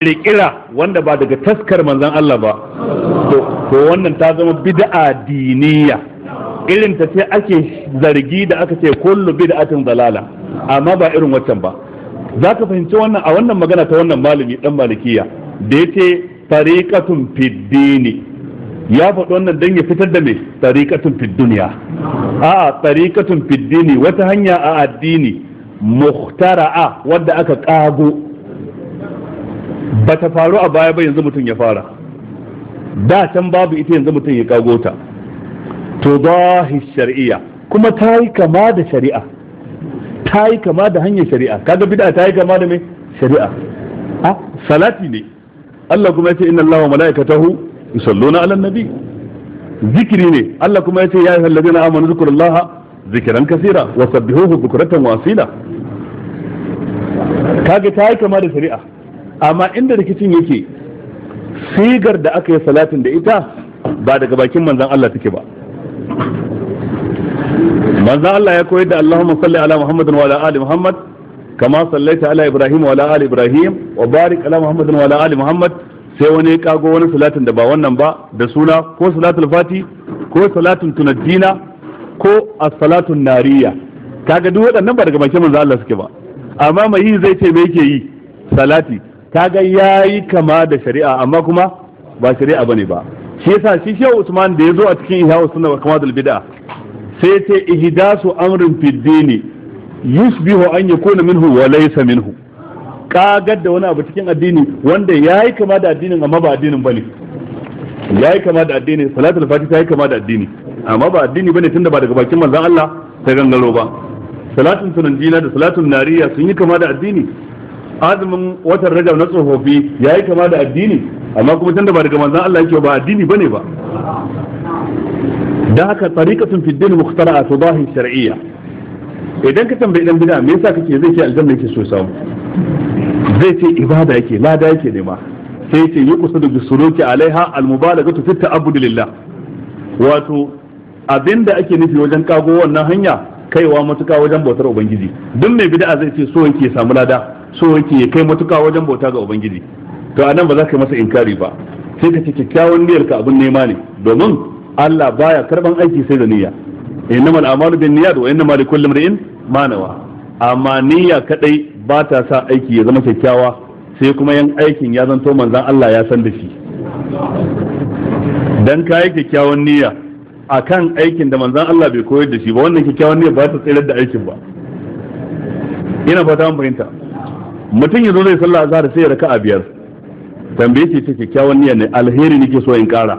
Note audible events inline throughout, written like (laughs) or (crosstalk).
ƙirƙira wanda ba daga taskar manzan Allah ba to wannan ta zama bid'a diniya irin ta ce ake zargi da aka ce kullu bid'atin dalala amma ba irin waccan ba za ka fahimci wannan a wannan magana ta wannan malami dan malikiya da ya ce tariqatun fiddini ya faɗi wannan dan ya fitar da me tariqatun fid a'a tariqatun fiddini wata hanya a addini muhtara'a wadda aka kago ba ta faru a baya ba yanzu mutum ya fara da can babu ita yanzu mutum ya kago ta to zahi shari'a kuma ta yi kama da shari'a ta yi kama da hanyar shari'a kaga bid'a ta yi kama da me shari'a a ah, salati ne Allah kuma yace inna Allaha wa malaikatahu yusalluna ala nabi zikiri ne Allah kuma yace ya ayyuhallazina amanu zikrullaha zikiran kasira wa sabbihuhu bukratan wasila kaga ta yi kama da shari'a amma inda rikicin yake sigar da aka yi salatin da ita ba daga bakin manzan Allah take ba manzan Allah ya koyar da Allahumma salli ala Muhammadin wa ala ali Muhammad kama sallaita ala Ibrahim wa ala ali Ibrahim wa barik ala Muhammadin wa ala ali Muhammad sai wani ya kago wani salatin da ba wannan ba da suna ko salatul fati ko salatun tunadina ko as-salatun nariya kaga duk waɗannan ba daga bakin manzan Allah suke ba amma mai yi zai ce me yake yi salati kaga yayi kama da shari'a amma kuma ba shari'a bane ba shi yasa shi Shehu Usman da yazo a cikin Ihya Sunna wa Kamadul Bid'a sai ce ihdasu amrin fid dini yusbihu an yakuna minhu wa laysa minhu kagar da wani abu cikin addini wanda yayi kama da addinin amma ba addinin bane yayi kama da addini salatul fatiha yayi kama da addini amma ba addini bane tunda ba daga bakin manzon Allah ta gangaro ba salatun jina da salatun nariya sun yi kama da addini azumin watan rajab na tsofaffi ya yi kama da addini amma kuma da ba daga manzan Allah yake ba addini bane ba dan haka tariqatun fi din mukhtara'a tudahi shar'iyya idan ka tambayi dan bid'a me yasa kake zai ce aljanna yake so samu zai ce ibada yake lada yake ma. sai ce yi kusa da bisuruki alaiha almubalagatu fi ta'abbud lillah wato abinda ake nufi wajen kago wannan hanya kaiwa matuka wajen bautar ubangiji duk mai bid'a zai ce so yake samu lada so yake ya kai matuka wajen bauta ga ubangiji to anan ba za ka yi masa inkari ba sai ka ce kyakkyawan niyyar ka abin nema ne domin Allah baya karban aiki sai da niyya innamal a'malu bin niyyat wa innamal likulli imrin ma nawa amma niyya kadai ba ta sa aiki ya zama kyakkyawa sai kuma yan aikin ya zanto manzon Allah ya san da shi dan kai kyakkyawan niyya akan aikin da manzon Allah bai koyar da shi ba wannan kyakkyawan niyya ba ta tsirar da aikin ba ina fata mun fahimta mutum ya zo zai sallah azhar sai ya raka a biyar tambaye ce ta kyakkyawan niyya ne alheri nake so in kara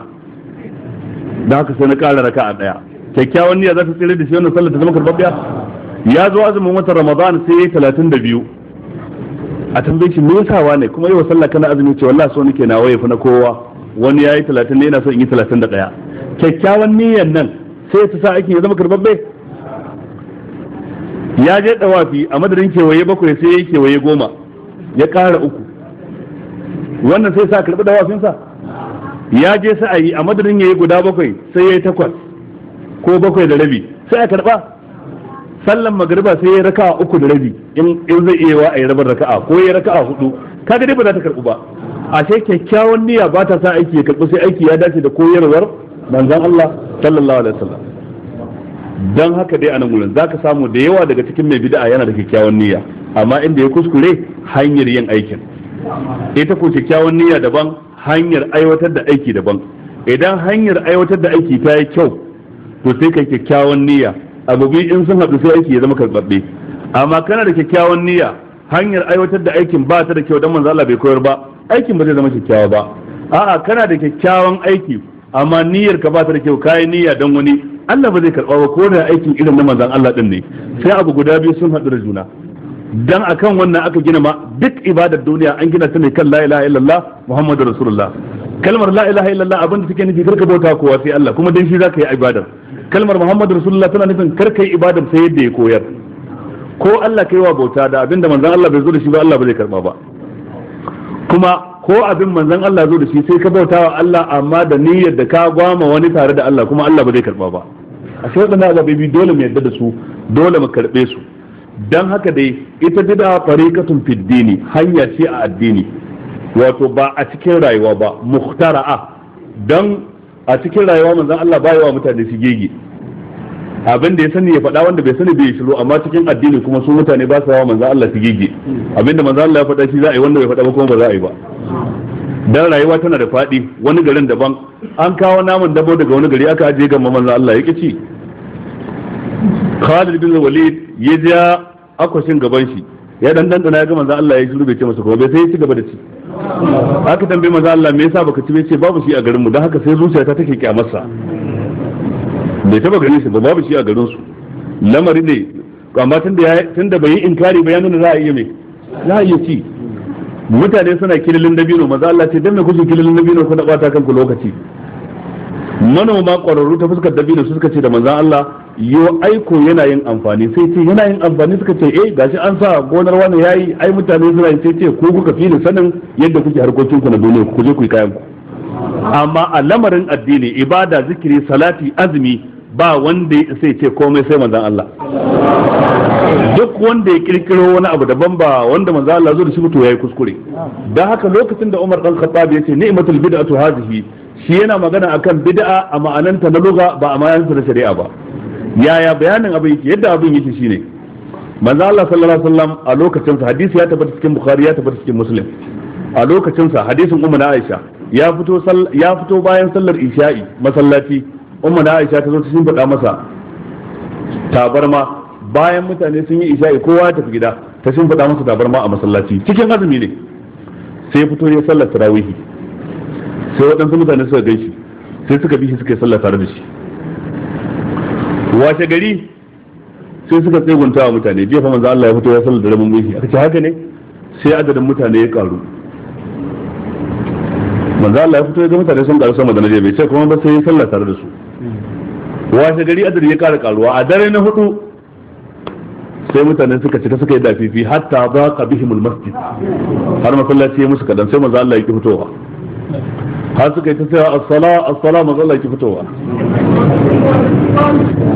da haka sai na kara a daya kyakkyawan niyya za ta tsere da shi wannan sallar ta zama karbabbiya ya zo azumin watan ramadan sai ya yi talatin da biyu a tambaye shi me yasa ne kuma yau sallah kana azumi ce wallahi so nake waye fa na kowa wani ya yi talatin ne yana so in yi talatin da daya kyakkyawan niyyan nan sai ta sa aikin ya zama karbabbe ya je dawafi a madadin kewaye bakwai sai ya yi kewaye goma ya ƙara uku wannan sai sa karɓi dawafinsa ya je sa'ayi a madadin ya yi guda bakwai sai ya yi takwas ko bakwai da rabi sai a karɓa sallan magariba sai ya yi raka uku da rabi in zai iya wa a yi rabar raka'a ko ya yi raka'a hudu kaga dai ba za ta karɓi ba a sai kyakkyawan niyya ba ta sa aiki ya karɓi, sai aiki ya dace da koyarwar manzon Allah sallallahu alaihi wasallam dan haka dai a nan za ka samu da yawa daga cikin mai bid'a yana da kyakkyawan niyya amma inda ya kuskure hanyar yin aikin ita ko kyakkyawan niyya daban hanyar aiwatar da aiki daban idan hanyar aiwatar da aiki ta yi kyau to sai kai kyakkyawan niyya abu in sun haɗu sai aiki ya zama karɓaɓɓe amma kana da kyakkyawan niyya hanyar aiwatar da aikin ba ta da kyau dan manzo Allah bai koyar ba aikin ba zai zama kyakkyawa ba a'a kana da kyakkyawan aiki amma niyyar ka ba ta da kyau kayi niyya dan wani Allah ba zai karba ba ko da aikin irin na manzan Allah din ne sai abu guda biyu sun haɗu da juna dan akan wannan aka gina ma duk ibadar duniya an gina ta ne kan la ilaha illallah muhammadur rasulullah kalmar la ilaha illallah da take nufi karka bauta kowa sai Allah kuma dan shi zaka yi ibadar kalmar muhammadur rasulullah tana nufin karka yi ibadar sai yadda ya koyar ko Allah kai wa bauta da abinda manzan Allah bai zo da shi ba Allah ba zai karba ba kuma ko abin manzan Allah zo da shi sai ka bauta wa Allah amma da niyyar da ka gwama wani tare da Allah kuma Allah ba zai karba ba a shi waɗannan ababe dole mu yadda da su dole mu karɓe su Don haka dai ita bid'a fariqatun fid dini hanya ce a addini wato ba a cikin rayuwa ba muhtara'a Don a cikin rayuwa manzan Allah ba wa mutane su gege abin da ya sani ya faɗa wanda bai sani bai shiru amma cikin addini kuma su mutane ba su yawa manzan Allah su gege abin da manzan Allah ya faɗa shi za a yi wanda bai faɗa ba kuma ba za a yi ba dan rayuwa tana da faɗi wani garin daban an kawo naman dabo daga wani gari aka ajiye ga manzo Allah ya ci Khalid bin Walid ya ja akwashin gaban shi ya dan dan ya ga manzo Allah ya shiru bai ce masa bai sai ya ci gaba da ci aka tambaye manzo Allah me yasa baka ci bai ce babu shi a garin mu dan haka sai ta take kyamarsa bai taba ganin shi ba babu shi a garin su lamari ne amma tunda tunda bai yi inkari ba ya nuna za a iya mai za a iya ci mutane suna kililin dabino maza Allah ce dan me kuke kililin dabino kuna bata kanku lokaci manoma ƙwararru ta fuskar dabino suka ce da manzan Allah yo aiko yana amfani sai ce yana amfani suka ce eh gashi an sa gonar wani yayi ai mutane suna yin sai ce ku kuka fi sanin yadda kuke harkokin ku na duniya ku je ku yi kayan ku amma a lamarin addini ibada zikiri salati azumi ba wanda ya sai ce komai sai manzan Allah duk wanda ya kirkiro wani abu daban ba wanda manzan Allah zo da shi to yayi kuskure dan haka lokacin da Umar dan Khattab ya ce ni'matul bid'atu hadhihi shi yana magana akan bid'a a ma'ananta na lugha ba a ma'ananta na shari'a ba yaya bayanin abin yake yadda abin yake shine manzan Allah sallallahu alaihi wasallam a lokacin sa hadisi ya tabbata cikin Bukhari ya tabbata cikin Muslim a lokacin sa hadisin Ummu Aisha ya fito ya fito bayan sallar Isha'i masallaci umma na aisha ta zo ta shimfiɗa masa tabarma bayan mutane sun yi isha'i kowa ya tafi gida ta shimfiɗa masa tabarma a masallaci cikin azumi ne sai fito ya sallar tarawihi sai waɗansu mutane suka gaishe sai suka bi shi suka sallar tare da shi washe gari sai suka tsegunta wa mutane jefa manzo Allah ya fito ya sallar da rabin mulki aka ce haka ne sai adadin mutane ya karu manzo Allah ya fito ya ga mutane sun karu sama da naje bai sai kuma ba sai ya sallar tare da su washe gari adadi ya kara karuwa a dare na hudu sai mutanen suka cika suka yi dafifi hatta ba ka bihimul masjid har masallaci ya musu kadan sai manzo Allah ya ki fitowa har suka yi ta sai as-sala as-sala manzo Allah ya ki fitowa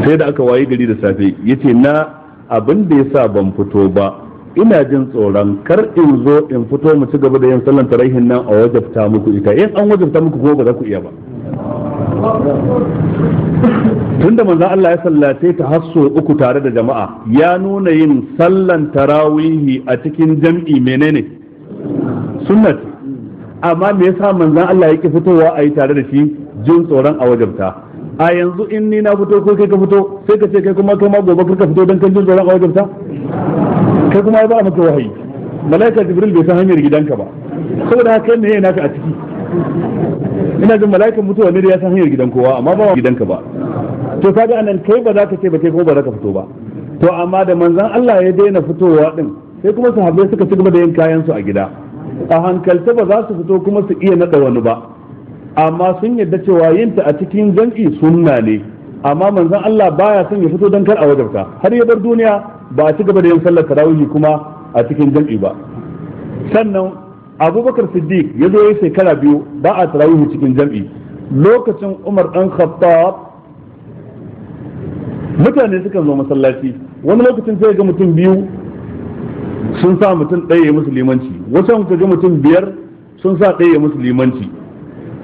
sai da aka wayi gari da safe yace na abin da yasa ban fito ba ina jin tsoron kar in zo in fito mu ci gaba da yin sallan tarihin nan a wajabta muku ita in an wajabta muku ko ba za ku iya ba tunda manzon Allah ya sallate ta hasso uku tare da jama'a ya nuna yin sallan tarawihi a cikin jam'i menene sunnat amma me yasa manzon Allah yake fitowa a yi tare da shi jin tsoron a wajabta a yanzu in ni na fito ko kai ka fito sai ka ce kai kuma kai ma gobe kai ka fito dan kan jin tsoron a wajabta kai kuma ya ba maka wahayi malaika jibril bai san hanyar gidanka ba saboda haka ne yana ka a ciki ina jin mala'ikan mutuwa ne da ya san hanyar gidan kowa amma ba gidanka ba to kaga anan kai ba za ka ce ba kai kuma ba za ka fito ba to amma da manzon Allah ya daina fitowa din sai kuma sahabbai suka ci gaba da yin kayan su a gida a hankalta ba za su fito kuma su iya nada wani ba amma sun yadda cewa yin ta a cikin jam'i sunna ne amma manzon Allah baya son ya fito dan kar a wajabta har ya bar duniya ba a ci gaba da yin sallar tarawih kuma a cikin jam'i ba sannan abubakar siddiq ya zo ya shekara biyu ba a tarawih cikin jam'i lokacin umar dan khattab mutane suka zo masallaci wani lokacin sai ga mutum biyu sun sa mutum ɗaya musulmanci wasu sun ga mutum biyar sun sa ɗaya musulmanci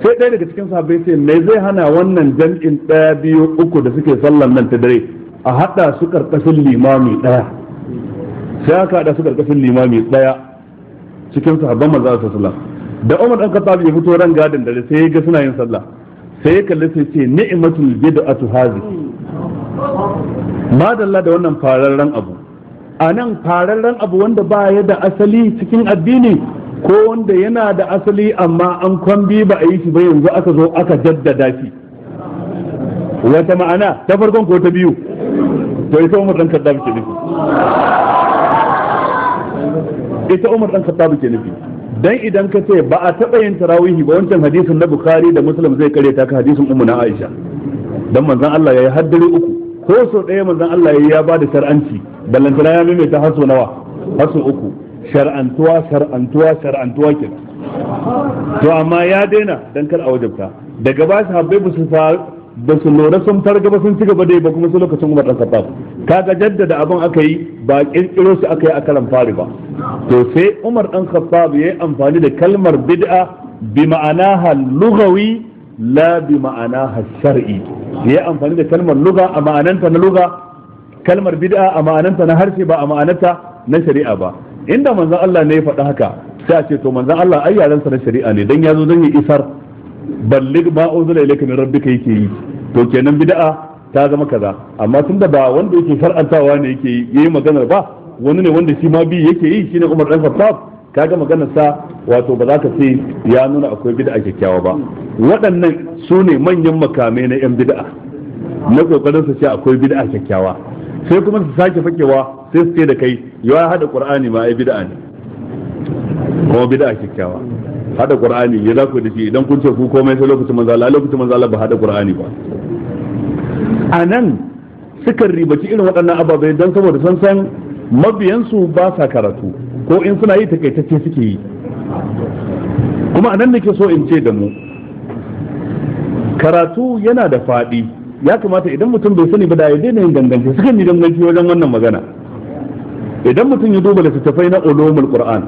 sai ɗaya daga cikin sahabbai sai me zai hana wannan jam'in ɗaya biyu uku da suke sallan nan ta dare a haɗa su ƙarƙashin limami ɗaya sai aka haɗa su ƙarƙashin limami ɗaya cikin sahabban manzo sallallahu alaihi wasallam da Umar dan Khattab ya fito ran gadin dare sai ya ga suna yin sallah sai ya kalli sai ce ni'matul bid'atu hazihi madalla da wannan fararren abu a nan fararren abu wanda ba ya da asali cikin addini ko wanda yana da asali amma an kwambi ba a yi shi ba yanzu aka zo aka jaddada shi wata ma'ana ta farkon ko ta biyu to ita umar dan kaddabi ke nufi ita umar kaddabi ke nufi dan idan ka ce ba a taɓa yin tarawihi ba wancan hadisin na bukhari da muslim zai kare ta ka hadisin ummu na aisha dan manzon Allah yayi haddare uku ko so ɗaya manzon Allah ya yayi ya ba da shar'anci ballantana ya ta haso nawa haso uku shar'antuwa shar'antuwa shar'antuwa ke to amma ya daina dan kar a wajabta daga ba sahabbai ba su ba su lura sun targa ba sun ci gaba da ba kuma su lokacin Umar dan Khattab kaga jaddada abin aka yi ba kirkiro su aka yi a karan fari ba to sai Umar dan ya yi amfani da kalmar bid'a bi ma'anaha lugawi la bi ma'anaha shar'i yayi amfani da kalmar luga a ma'ananta na luga kalmar bid'a a ma'ananta na harshe ba a ma'ananta na shari'a ba inda manzon Allah ne ya faɗi haka sai a ce to manzon Allah ai yaransa na shari'a ne dan yazo dan ya isar ballig ma unzila ilayka min rabbika yake yi to kenan bid'a ta zama kaza amma tunda ba wanda yake far'antawa ne yake yi maganar ba wani ne wanda shi ma bi yake yi shine Umar dan Khattab kaga maganar sa wato ba za ka ce ya nuna akwai bid'a kyakkyawa ba waɗannan sune manyan makamai na yan bid'a na kokarin su ce akwai bid'a kyakkyawa sai kuma su sake fakewa sai su ce da kai ya hada qur'ani ma ai bid'a ne kuma bid'a kyakkyawa hada qur'ani ya zaku da shi idan kun ce ku komai sai lokacin manzo Allah lokacin manzo Allah ba hada qur'ani ba anan suka ribaci irin waɗannan ababai dan saboda san san mabiyansu ba sa karatu ko in suna yi takaitacce suke yi kuma anan nake so in ce da mu karatu yana da faɗi ya kamata idan mutum bai sani ba da ya daina yin dangance sukan yi danganci wajen wannan magana idan mutum ya duba littattafai na ulumul qur'an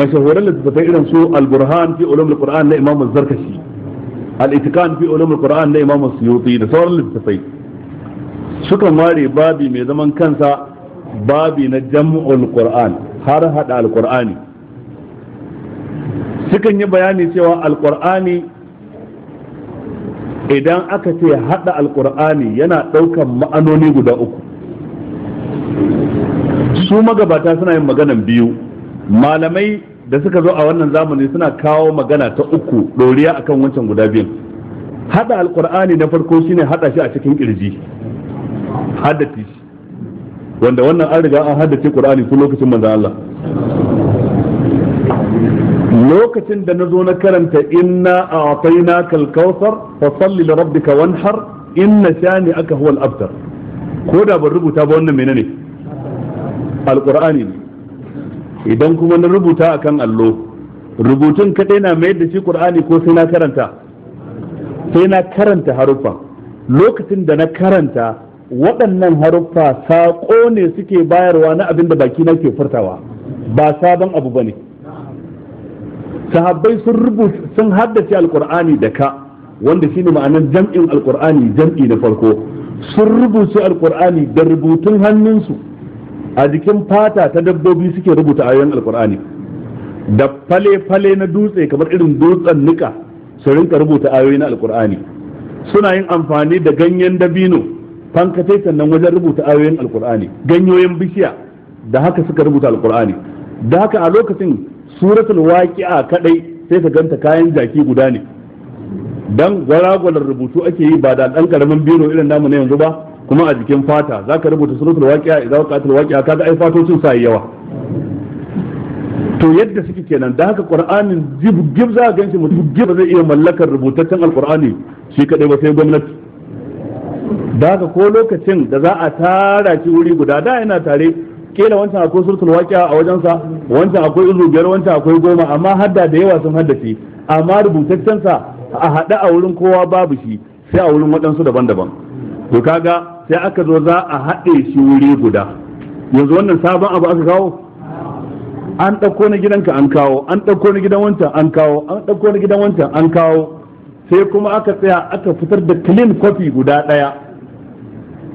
mashahuran littattafai irin su al-burhan fi ulum al-qur'an na imam az-zarkashi al-itikan fi ulum al-qur'an na imam as-suyuti da sauran littattafai sukan ware babi mai zaman kansa babi na jam'ul qur'an har hada al-qur'ani sukan yi bayani cewa al-qur'ani idan aka ce hada al-qur'ani yana daukan ma'anoni guda uku su magabata suna yin maganan biyu malamai da suka zo a wannan zamani suna kawo magana ta uku doriya akan wancan guda biyun hada alkur'ani na farko shine hada shi a cikin kirji haddace wanda wannan an riga an haddace qur'ani tun lokacin manzon Allah lokacin da na zo na karanta inna a'tayna kal kawthar fa salli li rabbika wanhar inna shani aka huwa al abtar ko da ban rubuta ba wannan menene alqur'ani ne idan kuma na rubuta a kan allo rubutun kaɗai na mayar da shi ƙur'ani ko sai na karanta sai na karanta haruffa lokacin da na karanta waɗannan haruffa saƙo ne suke bayarwa na abin da baki na ke furtawa ba sabon abu ba ne sahabbai sun rubuta sun haddace alƙur'ani da ka wanda shine ma'anar jam'in alƙur'ani, jam'i na farko sun rubuce alƙur'ani da rubutun hannunsu a jikin fata ta dabbobi suke rubuta ayoyin alkur'ani da fale-fale na dutse kamar irin dutsen nika su rinka rubuta ayoyi na alkur'ani suna yin amfani da ganyen dabino fankatai sannan wajen rubuta ayoyin alkur'ani ganyoyin bishiya da haka suka rubuta alkur'ani da haka a lokacin suratul waqi'a kaɗai, sai ka ganta kayan jaki guda ne dan gwaragwalar rubutu ake yi ba da ɗan ƙaramin biro irin namu na yanzu ba kuma a jikin fata za ka rubuta suratul waqi'a ka waqa'atul waqi'a kaga ai fatocin sai yawa to yadda suke kenan da haka qur'anin gib za a ganshi mutum gib zai iya mallakar rubutaccen alqur'ani shi kadai ba sai gwamnati da haka ko lokacin da za a tara shi wuri guda da yana tare kila wancan akwai suratul waqi'a a wajensa wancan akwai izu biyar wancan akwai goma amma hadda da yawa sun haddace amma rubutaccen sa a hada a wurin kowa babu shi sai a wurin waɗansu daban-daban to kaga sai aka zo za a haɗe shi wuri guda yanzu wannan sabon abu aka kawo an ɗauko na gidanka an kawo an ɗauko na gidan wancan an kawo an ɗauko na gidan wancan an kawo sai kuma aka tsaya aka fitar da clean kwafi guda ɗaya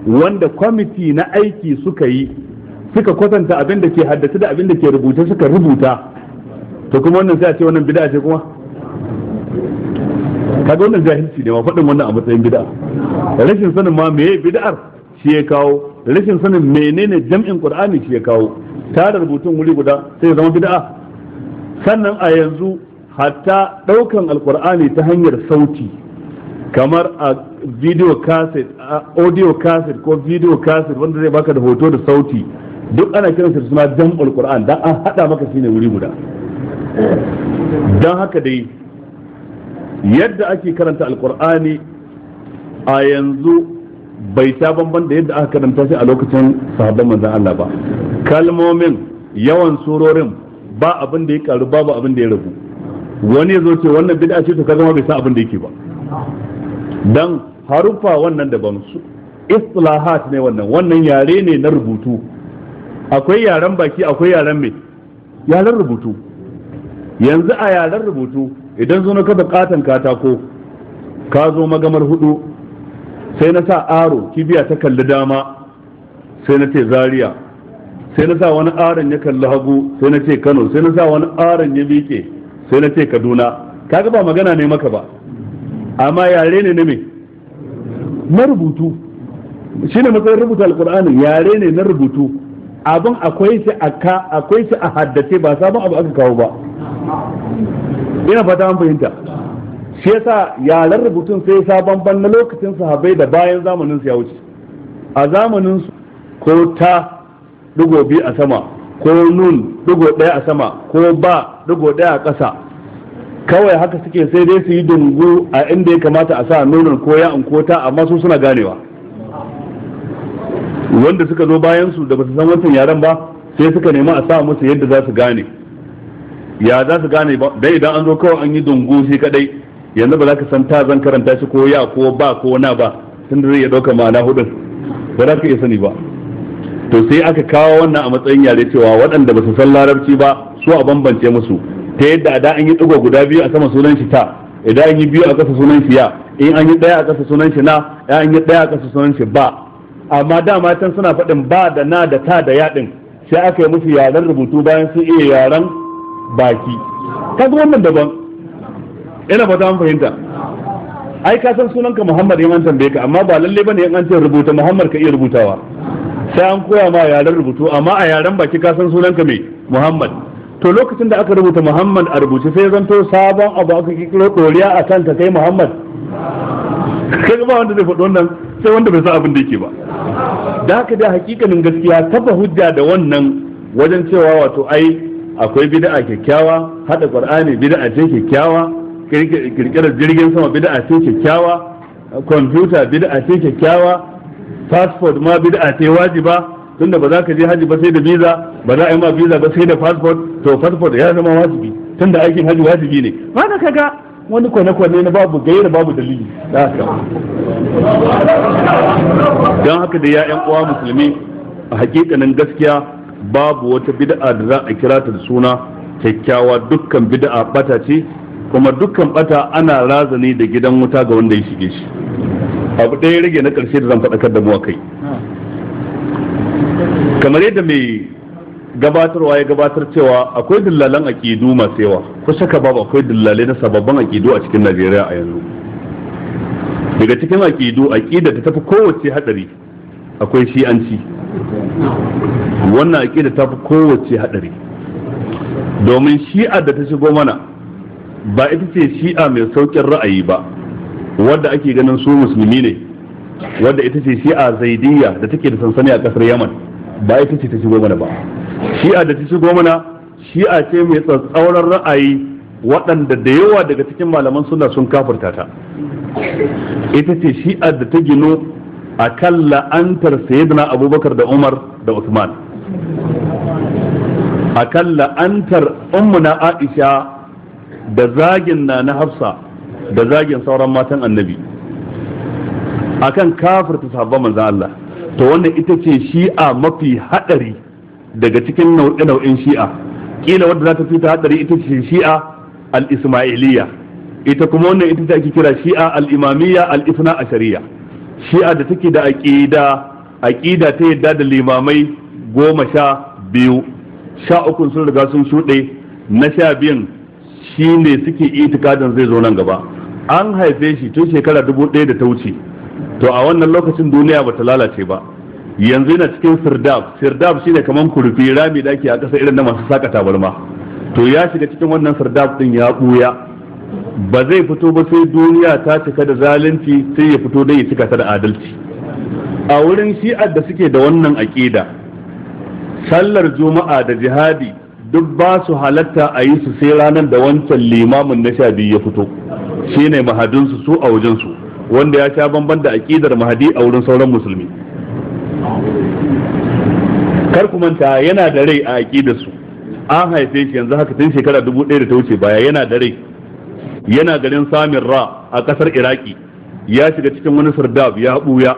wanda kwamiti na aiki suka yi suka kwatanta abin da ke haddace da abin da ke rubuta suka rubuta to kuma wannan sai a ce wannan bid'a ce kuma kaga wannan jahilci ne ma faɗin wannan a matsayin bid'a rashin sanin ma meye bid'ar shi ya kawo rashin sanin menene jam'in qur'ani shi ya kawo ta da rubutun wuri guda sai zama bida'a? sannan a yanzu hatta ɗaukar alqur'ani ta hanyar sauti kamar a video cassette audio cassette ko video cassette wanda zai baka da hoto da sauti duk ana kiran su suna jam'ul qur'an dan an hada maka shine wuri guda dan haka dai yadda ake karanta alkur'ani a yanzu bai ta banban da yadda aka karanta shi a lokacin sahabban manzan Allah ba kalmomin yawan surorin ba abin da ya karu babu abin da ya rabu wani ya zo ce wannan bid'a ce to ka zama bai san abin da yake ba dan haruffa wannan daban su islahat ne wannan wannan yare ne na rubutu akwai yaren baki akwai yaren mai yaren rubutu yanzu a yaren rubutu idan zo na kafa katon katako ka zo magamar hudu sai na sa aro kibiya ta kalli dama sai na ce zaria sai na sa wani aron ya kalli hagu sai na ce kano sai na sa wani aron ya miƙe sai na ce kaduna ka ba magana ne maka ba amma yare ne na me na rubutu shi ne matsayin rubuta alkur'anin yare ne na rubutu abin akwai shi a haddace ba sabon abu aka kawo ba ina fata an fahimta shi yasa yaran rubutun sai sa bamban na lokacin sahabbai da bayan zamanin su ya wuce a zamanin su ko ta digo biyu a sama ko nun digo daya a sama ko ba digo daya a ƙasa kawai haka suke sai dai su yi dungu a inda ya kamata a sa nonon ko ya ko ta amma su suna ganewa wanda suka zo bayan su da ba su san wancan yaren ba sai suka nemi a sa musu yadda za su gane ya za su gane ba dai idan an zo kawai an yi dungu shi kadai yanzu ba za ka san ta zan karanta shi ko ya ko ba ko na ba tun da zai iya dauka ma'ana hudun ba za ka iya sani ba to sai aka kawo wannan a matsayin yare cewa waɗanda ba su san larabci ba su a bambance musu ta yadda a da an yi ɗigo guda biyu a sama sunan shi ta idan an yi biyu a ƙasa sunan shi ya in an yi ɗaya a ƙasa sunan shi na in an yi ɗaya a ƙasa sunan shi ba amma dama can suna faɗin ba da na da ta da yaɗin sai aka yi musu yaren rubutu bayan sun iya yaren baki kaga wannan daban ina ba ta fahimta ai ka san sunanka Muhammad yan an tambaye ka amma ba lalle bane yan an ce rubuta Muhammad ka iya rubutawa sai an koya ma yaren rubutu amma a yaren baki ka san sunanka mai Muhammad to lokacin da aka rubuta Muhammad a rubuce sai zanto sabon abu aka kikiro doriya a kanta kai Muhammad kai ba wanda zai faɗi wannan sai wanda bai san abin da yake ba da haka da hakikanin gaskiya kafa hujja da wannan wajen cewa wato ai akwai bid'a kyakkyawa hada qur'ani bid'a ce kyakkyawa kirkirar jirgin sama bid'a ce kyakkyawa kwamfuta bid'a ce kyakkyawa passport ma bid'a ce wajiba tunda ba za ka je haji ba sai da visa ba za a yi ma visa ba sai da passport to passport ya zama wajibi tunda aikin haji wajibi ne ba ka kaga wani kwane-kwane na babu gaira babu dalili da haka don haka da ya 'yan uwa musulmi a hakikanin gaskiya babu wata bid'a da za a kira ta da suna kyakkyawa dukkan bid'a bata ce kuma dukkan bata ana razani da gidan wuta ga wanda ya shige shi abu ɗaya rage na ƙarshe da zan faɗakar da mu a kamar yadda mai gabatarwa ya gabatar cewa akwai dillalan aƙidu masu yawa ko shaka babu akwai dillalai na sababbin aƙidu a cikin najeriya a yanzu daga cikin aƙidu aƙida ta tafi kowace haɗari akwai shi'anci wannan aƙida ta fi kowace haɗari, domin shi'a da ta shigo mana ba ita ce shi'a mai sauƙin ra'ayi ba wadda ake ganin su musulmi ne wadda ita ce shi'a zaidiyya da take da sansani a ƙasar yaman ba ita ce ta shigo mana ba shi'a da ta shigo mana shi'a ce mai tsatsauran ra'ayi waɗanda da yawa daga cikin malaman suna sun kafurta ta ita ce shi'a da ta gino a kan la'antar sayyidina abubakar da umar da usman akan la'antar ummuna aisha da zagin na na hafsa da zagin sauran matan annabi akan kafirta sabon manzan Allah ta wannan ita ce shi'a mafi hadari daga cikin nau'in shi'a kila wadda za ta fi ta hadari ita ce shi'a al-ismailiyya ita kuma wannan ita ake kira shi'a al-imamiyya al-ifna ashariya shi'a da take da aqida aqida ta yadda da limamai goma sha biyu sha uku sun riga sun shuɗe na sha biyun shi ne suke itikadin zai zo nan gaba an haife shi tun shekara dubu ɗaya da ta wuce to a wannan lokacin duniya ba ta lalace ba yanzu yana cikin firdab sirdab shine kamar kurfi rami da ake a ƙasa irin na masu saka tabarma to ya shiga cikin wannan firdab din ya ɓuya ba zai fito ba sai duniya ta cika da zalunci sai ya fito don ya cika ta da adalci a wurin shi'ar da suke da wannan aƙida sallar juma'a da jihadi duk ba su halatta a yi su sai ranar da wancan limamin na sha biyu ya fito shine mahadinsu su a wajensu wanda ya sha bamban da aƙidar mahadi a wurin sauran musulmi kar ku manta yana da rai a aƙidarsu an haife shi yanzu haka tun shekara dubu ɗaya da ta wuce baya yana da rai yana garin samin ra a ƙasar iraki ya shiga cikin wani sardab ya ɓuya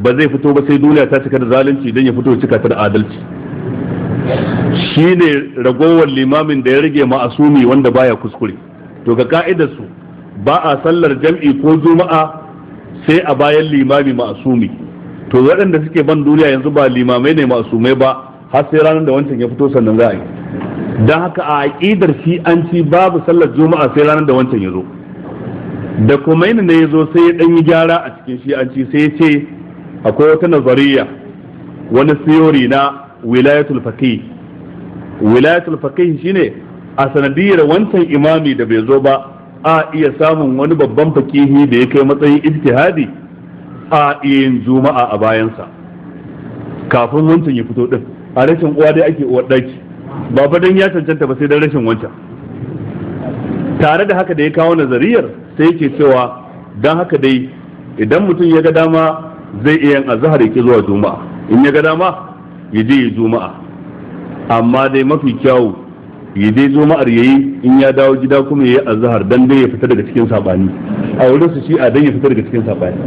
ba zai fito ba sai duniya ta cika da zalunci don ya fito cika ta da adalci shi ne ragowar limamin da ya rage ma'asumi wanda baya kuskure to ga ka'idar su ba a sallar jam'i ko juma'a sai a bayan limami ma'asumi to waɗanda suke ban duniya yanzu ba limamai ne ma'asumai ba har sai ranar da wancan ya fito sannan za a yi don haka a aƙidar shi an ci babu sallar juma'a sai ranar da wancan ya zo da kuma ne ya zo sai ya ɗan yi gyara a cikin shi an ci sai ya ce akwai wata nazariya wani theory na wilayatul faqih wilayatul faqih shine a sanadiyar wancan imami da bai zo ba a iya samun wani babban fakihi da ya kai matsayin ijtihadi a yin juma'a a bayansa kafin wancan ya fito din a rashin uwa dai ake uwar daki ba ya cancanta ba sai dan rashin wancan tare da haka da ya kawo nazariyar sai yake cewa dan haka dai idan mutum ya ga dama zai iya yin azahar yake zuwa juma'a in ya ga dama ya je juma'a amma dai mafi kyawu ya je juma'ar yayi in ya dawo gida kuma yayi azahar dan dai ya fita daga cikin sabani a wurin su shi a dan ya fita daga cikin sabani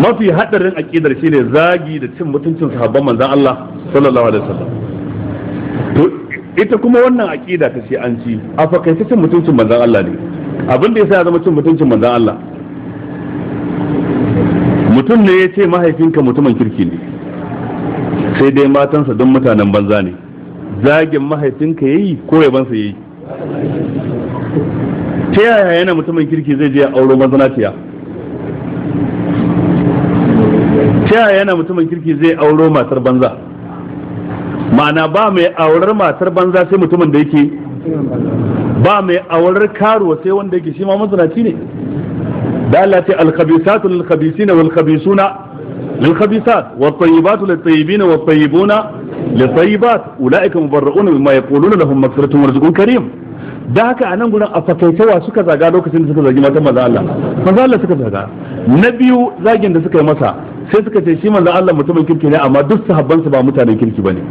mafi hadarin akidar shine zagi da cin mutuncin sahabban manzon Allah sallallahu alaihi wasallam ita kuma wannan aƙida ta ce an ci a fakaita cin mutuncin manzan Allah ne abin da ya sa ya zama cin mutuncin manzan Allah mutum ne ya ce mahaifinka mutumin kirki ne sai dai matansa don mutanen banza ne zagin mahaifinka ya yi ko yabansa ya yi ta yaya yana mutumin kirki zai je auro mazanaciya ta yaya yana mutumin kirki zai auro matar banza ma'ana ba mai aurar matar banza sai mutumin da yake ba mai aurar karuwa sai wanda yake shi ma mazanaci ne da الخبيثات للخبيثين والخبيثون للخبيثات والطيبات khabisina والطيبون khabisuna lil مبرؤون wat يقولون لهم tayyibina ورزق كريم da haka a nan gurin a fakaitawa suka zaga lokacin da suka zagi matan maza Allah maza Allah suka zaga na biyu zagin da suka yi masa sai suka ce shi maza Allah mutumin kirki ne amma duk sahabban su ba mutanen kirki bane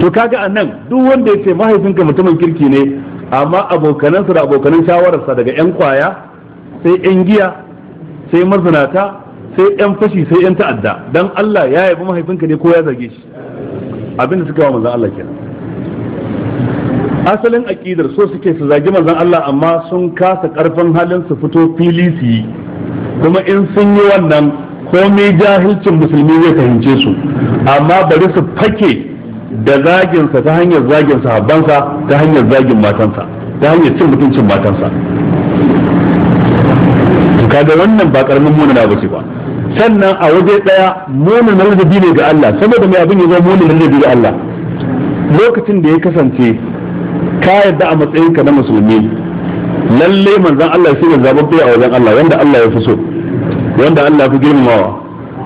to kaga a nan duk wanda ya ce mahaifinka mutumin kirki ne amma abokanansa da abokanan shawararsa daga yan kwaya sai yan giya sai mazinata sai yan fashi sai yan ta'adda dan Allah ya yabi mahaifinka ne ko ya zage shi abinda suka yi manzon Allah kenan asalin aqidar so suke su zagi manzon Allah amma sun kasa karfin halin su fito fili su yi kuma in sun yi wannan komai jahilcin musulmi zai fahimce su amma bari su fake da zaginsa ta hanyar zagin sahabbansa ta hanyar zagin matansa ta hanyar cin mutuncin matansa kaga wannan ba karamin munana bace ba sannan a waje daya munana ladabi ne ga Allah saboda mai abin ya zama munana ladabi ga Allah lokacin da ya kasance ka yadda a matsayin ka na musulmi lalle manzon Allah shi ne zababbe a wajen Allah wanda Allah ya fi so wanda Allah ya fi girmamawa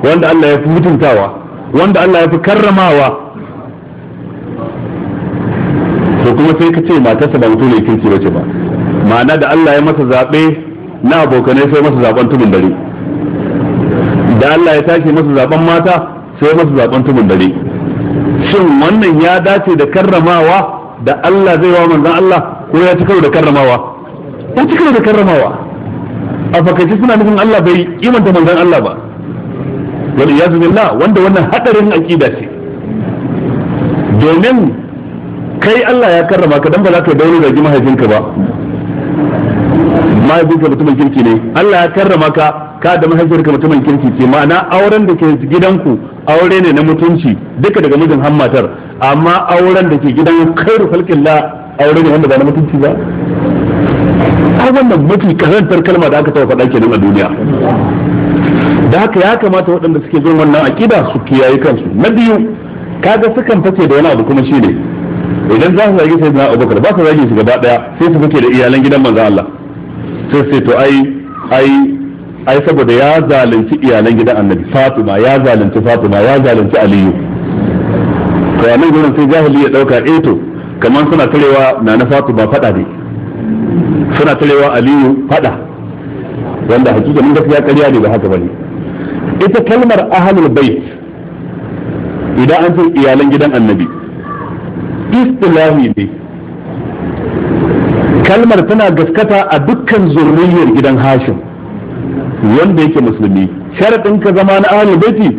wanda Allah ya fi mutuntawa wanda Allah ya fi karramawa to kuma sai ka ce matarsa ba mutum ne kirki bace ba ma'ana da Allah ya masa zaɓe na abokanai sai masa zaben tumin dare da Allah ya tashi masa zaben mata sai masa zaben tumin dare shin wannan ya dace da karramawa da Allah zai wa manzon Allah ko ya ci karo da karramawa ya ci karo da karramawa a fakaice suna nufin Allah bai imanta manzon Allah ba ya iyazu billah wanda wannan hadarin akida ce domin kai Allah ya karrama ka dan ba za ka daure da mahaifinka ba mahaifinka mutumin kirki ne Allah ya karrama ka ka da mahaifiyar ka mutumin kirki ce ma'ana auren da ke gidanku aure ne na mutunci duka daga mijin hammatar amma auren da ke gidan khairu la aure ne wanda ba na mutunci ba ai wannan mafi karantar kalma da aka taɓa faɗa kenan a duniya da haka ya kamata waɗanda suke jin wannan akida su kiyaye kansu na biyu kaga sukan fice da wani abu kuma shine idan za su zage sai na abubakar ba su zage su gaba ɗaya sai su fice da iyalan gidan manzan Allah sai sai to ai ai ai saboda ya zalunci iyalan gidan annabi fatima ya zalunci fatima ya zalunci aliyu to a nan gurin sai jahili ya dauka eh to kamar suna tarewa na na fatima fada ne suna tarewa aliyu fada wanda hakika mun gaskiya ƙarya ne ba haka bane ita kalmar ahlul bait idan an ce iyalan gidan annabi istilahi ne kalmar tana gaskata a dukkan zurriyar gidan hashim wanda yake musulmi sharaɗin ka zama na ahalin baiti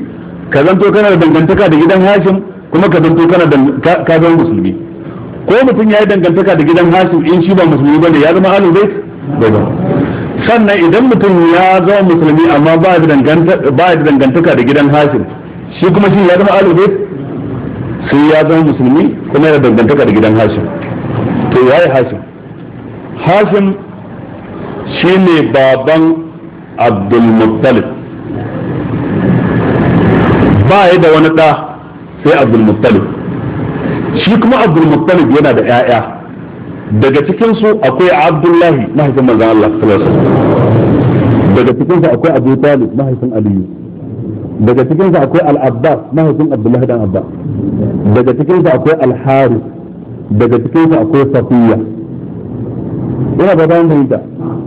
ka zanto kana da dangantaka da gidan hashim kuma ka zanto kana da ka zama musulmi ko mutum ya yi dangantaka da gidan hashim in shi ba musulmi ba ne ya zama ahlul bait sannan idan mutum ya zama musulmi amma ba ya da dangantaka da gidan hashim shi kuma shi ya zama ahalin bait sai ya zama musulmi kuma ya dangantaka da gidan hashim to yi hashim hashim shine baban abdulmuttalib ba ya da wani ɗa sai abdulmuttalib shi kuma abdulmuttalib yana da 'ya'ya daga cikinsu akwai abdullahi mahaifin manzan Allah daga cikinsu akwai abu talib mahaifin aliyu daga cikinsu akwai al-abbas mahaifin abdullahi dan Abba daga cikinsu akwai al daga cikinsu akwai safiya yana ba bayan fahimta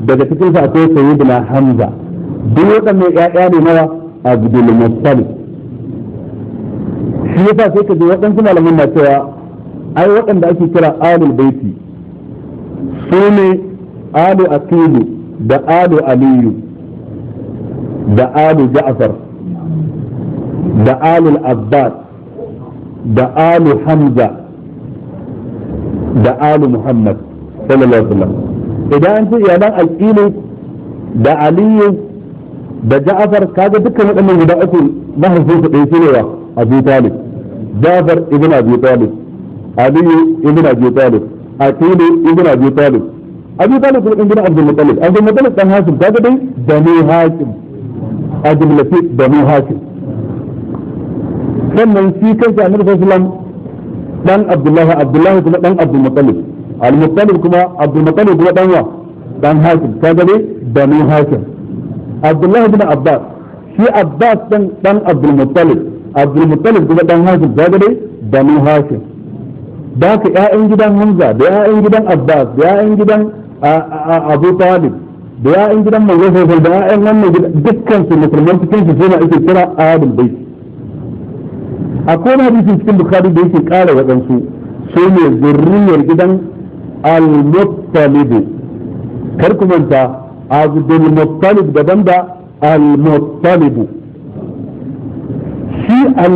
daga cikin sa akwai sayyidina hamza duk waɗannan ƴaƴa ne nawa abdul muttalib shi yasa sai ka ji waɗansu malaman na cewa ai waɗanda ake kira alul baiti su ne alu aqilu da alu aliyu da alu ja'far da alul abbas da alu hamza da alu muhammad sallallahu alaihi wasallam idan an ce iyalan da aliyu da Jafar kaga dukkan waɗannan guda uku mahaifin su ɗaya shine wa talib ja'afar ibn abu talib aliyu ibn abu talib aqilu ibn abu talib abu talib kuma ibn abdul muttalib abdul muttalib dan hasim kaga dai bani hasim abdul latif bani hasim sannan shi kansa annabi sallallahu alaihi wasallam dan abdullahi abdullahi kuma dan abdul muttalib al-muttalib kuma abdul muttalib kuma dan wa dan hakim kaga ne abdullahi bin abbas shi abbas dan dan abdul muttalib abdul muttalib kuma dan hakim kaga ne banu hakim da gidan hamza da ƴaƴan gidan abbas da ƴaƴan gidan abu talib da ƴaƴan gidan manzo sosai da ƴaƴan wannan gidan dukkan musulman cikin su suna ake kira adul bait akwai wani hadisi cikin bukhari da yake kara waɗansu su ne zurriyar gidan al-muttalib kar ku manta abdul muttalib daban da al-muttalib shi al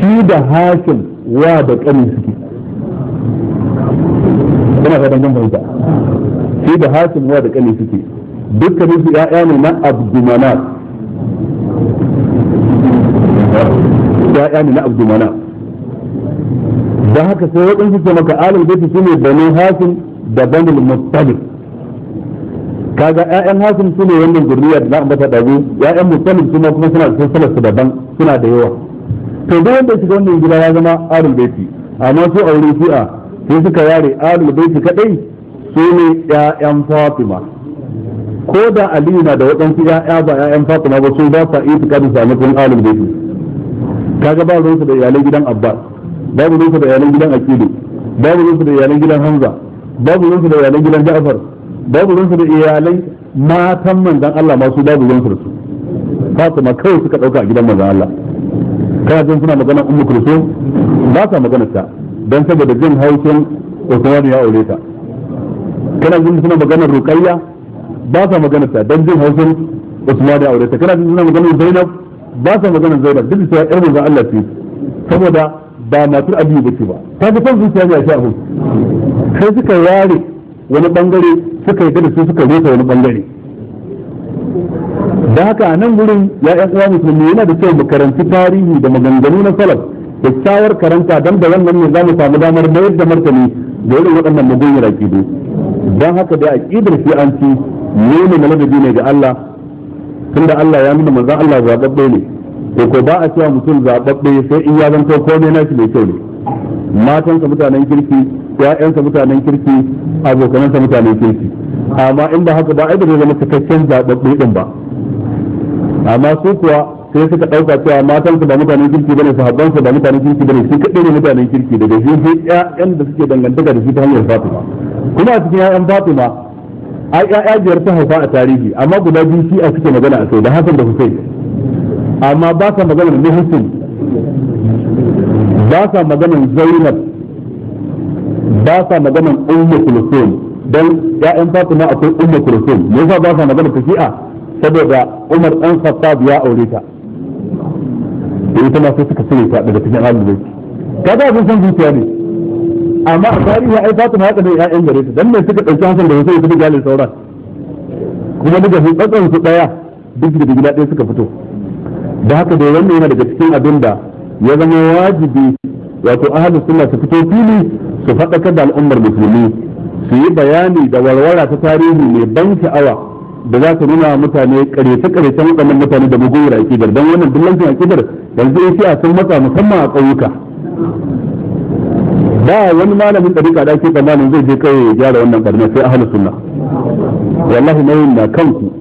shi da hashim wa da kani suke kana fatan kun fahimta shi da hashim wa da kani suke dukkanin su ya'ya na don haka sai waɗansu ce maka alul baiti ne banu hasin da banul mustalif kaga ƴaƴan hasin su ne wannan zurriya da za a bata dazu ƴaƴan mustalif su kuma suna da salsalar su daban suna da yawa to duk wanda shiga wannan gida ya zama alal baiti amma su a wurin shi'a sai suka yare alal baiti kadai su ne ƴaƴan fatima ko da aliyu na da waɗansu ƴaƴa ba ƴaƴan fatima ba su ba sa iya tukadin sa matsayin alal baiti kaga ba ruwansu da iyalai gidan abbas babu ruwansa da iyalan gidan akidu babu ruwansa da iyalan gidan hamza babu ruwansa da iyalan gidan ja'far babu ruwansa da iyalan matan manzan Allah ma su babu su ba su ma kawai suka dauka a gidan manzan Allah kana jin suna magana ummu kulsum ba sa magana ta dan saboda jin haushin Usman ya aure ta kana jin suna magana ruqayya ba sa magana ta dan jin haushin Usman ya aure ta kana jin suna magana Zainab ba sa magana Zainab duk da cewa ƴar manzan Allah ce saboda ba matar aliyu ba ce ba ta ga son zuciya ne a sha abu sai suka ware wani bangare suka yi da su suka rufe wani bangare da haka a nan wurin ya yan uwa musulmi yana da kyau mu karanci tarihi da maganganu na salaf da shawar karanta don da wannan ne za mu samu damar mayar da martani da irin waɗannan mugunyar aƙidu don haka da aƙidar ci, nuna na ladabi ne ga Allah tunda Allah ya nuna manzan Allah zaɓaɓɓe ne to ko ba a cewa mutum zababbe sai in ya zanto na nashi mai kyau ne matansa mutanen kirki ƴaƴansa mutanen kirki abokanansa mutanen kirki amma in ba haka ba ai ba zai zama cikakken zababbe din ba amma su kuwa sai suka ɗauka cewa matansa ba mutanen kirki bane sahabbansu ba mutanen kirki bane su kaɗai ne mutanen kirki daga shi sai ƴaƴan da suke dangantaka da shi ta hanyar Fatima kuma a cikin ƴaƴan Fatima ai ƴaƴa biyar ta haifa a tarihi amma guda biyu shi a suke magana a sau da hasan da Hussein amma ba sa maganar muhsin ba sa maganar zainab ba sa maganar ummu kulsum dan ya'yan fatima akwai ummu kulsum me yasa ba sa maganar tafi'a saboda umar dan khattab ya aure ta ita ma sai suka cire ta daga cikin ahlul kada abin san zuciya ne amma a tarihi ai fatima ya ne ya'yan gare ta dan me suka dauki hasan da sai suka galin sauran kuma daga hutsan su daya duk da gida ɗaya suka fito da haka da wannan yana daga cikin abin da ya zama wajibi wato ahli sunna su fito fili su faɗakar da al'ummar musulmi su yi bayani da warwara ta tarihi mai ban sha'awa da za ta nuna mutane karyace karyacen waɗannan mutane da mugun akidar don wannan dillancin akidar yanzu ya a sun matsa musamman a ƙauyuka ba wani malamin ɗarika da ake tsammanin zai je kai ya gyara wannan barna sai ahli sunna wallahi nauyin na kanku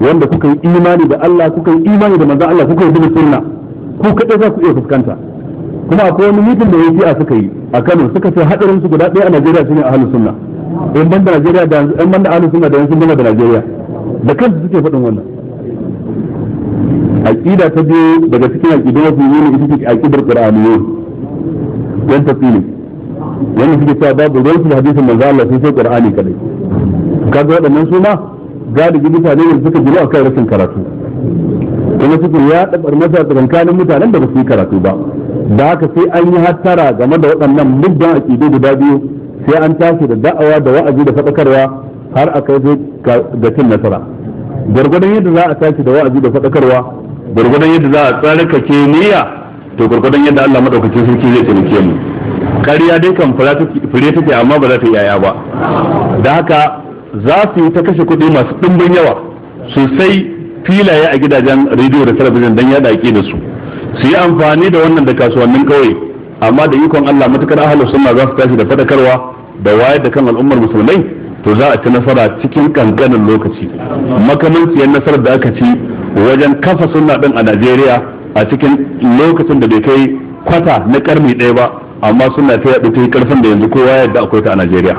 wanda kuka yi imani da Allah kuka yi imani da manzan Allah kuka yi bin sunna ku kadai za ku iya fuskanta kuma akwai wani mutum da fi a suka yi a Kano suka ce hadarin su guda ɗaya a Najeriya shine ahlus sunna in banda Najeriya da in banda ahlus sunna da yanzu, gama da Najeriya da kansu suke faɗin wannan aqida ta biyu daga cikin aqidu mafi yini ita ce aqidar qur'aniyyin yan tafsiri wannan suke cewa babu ruwan su hadisin manzo Allah sai sai qur'ani kadai kaga waɗannan su ma galibi mutane ne suka a kan rashin karatu kuma suke ya dabar masa tsakankanin mutanen da ba su yi karatu ba da haka sai an yi hattara game da waɗannan muddan aƙidu guda biyu sai an tashi da da'awa da wa'azi da faɗakarwa har a kai ga cin nasara gwargwadon yadda za a tashi da wa'azi da faɗakarwa gwargwadon yadda za a tsarkake niyya to gwargwadon yadda Allah madaukakin sarki zai taimake mu kariya dai kan fure take amma ba za ta yi yaya ba da haka za su yi ta kashe kuɗi masu ɗimbin yawa sosai filaye a gidajen rediyo da talabijin don yada aƙi da su su yi amfani da wannan da kasuwannin kauye amma da ikon Allah matukar ahalus sunna za su tashi da fadakarwa da wayar da kan al'ummar musulmai to za a ci nasara cikin kankanin lokaci makamanciyar nasarar da aka ci wajen kafa sunna din a Najeriya a cikin lokacin da bai kai kwata na karni ɗaya ba amma suna ta yaɗu ta yi karfin da yanzu kowa yadda akwai ta a Najeriya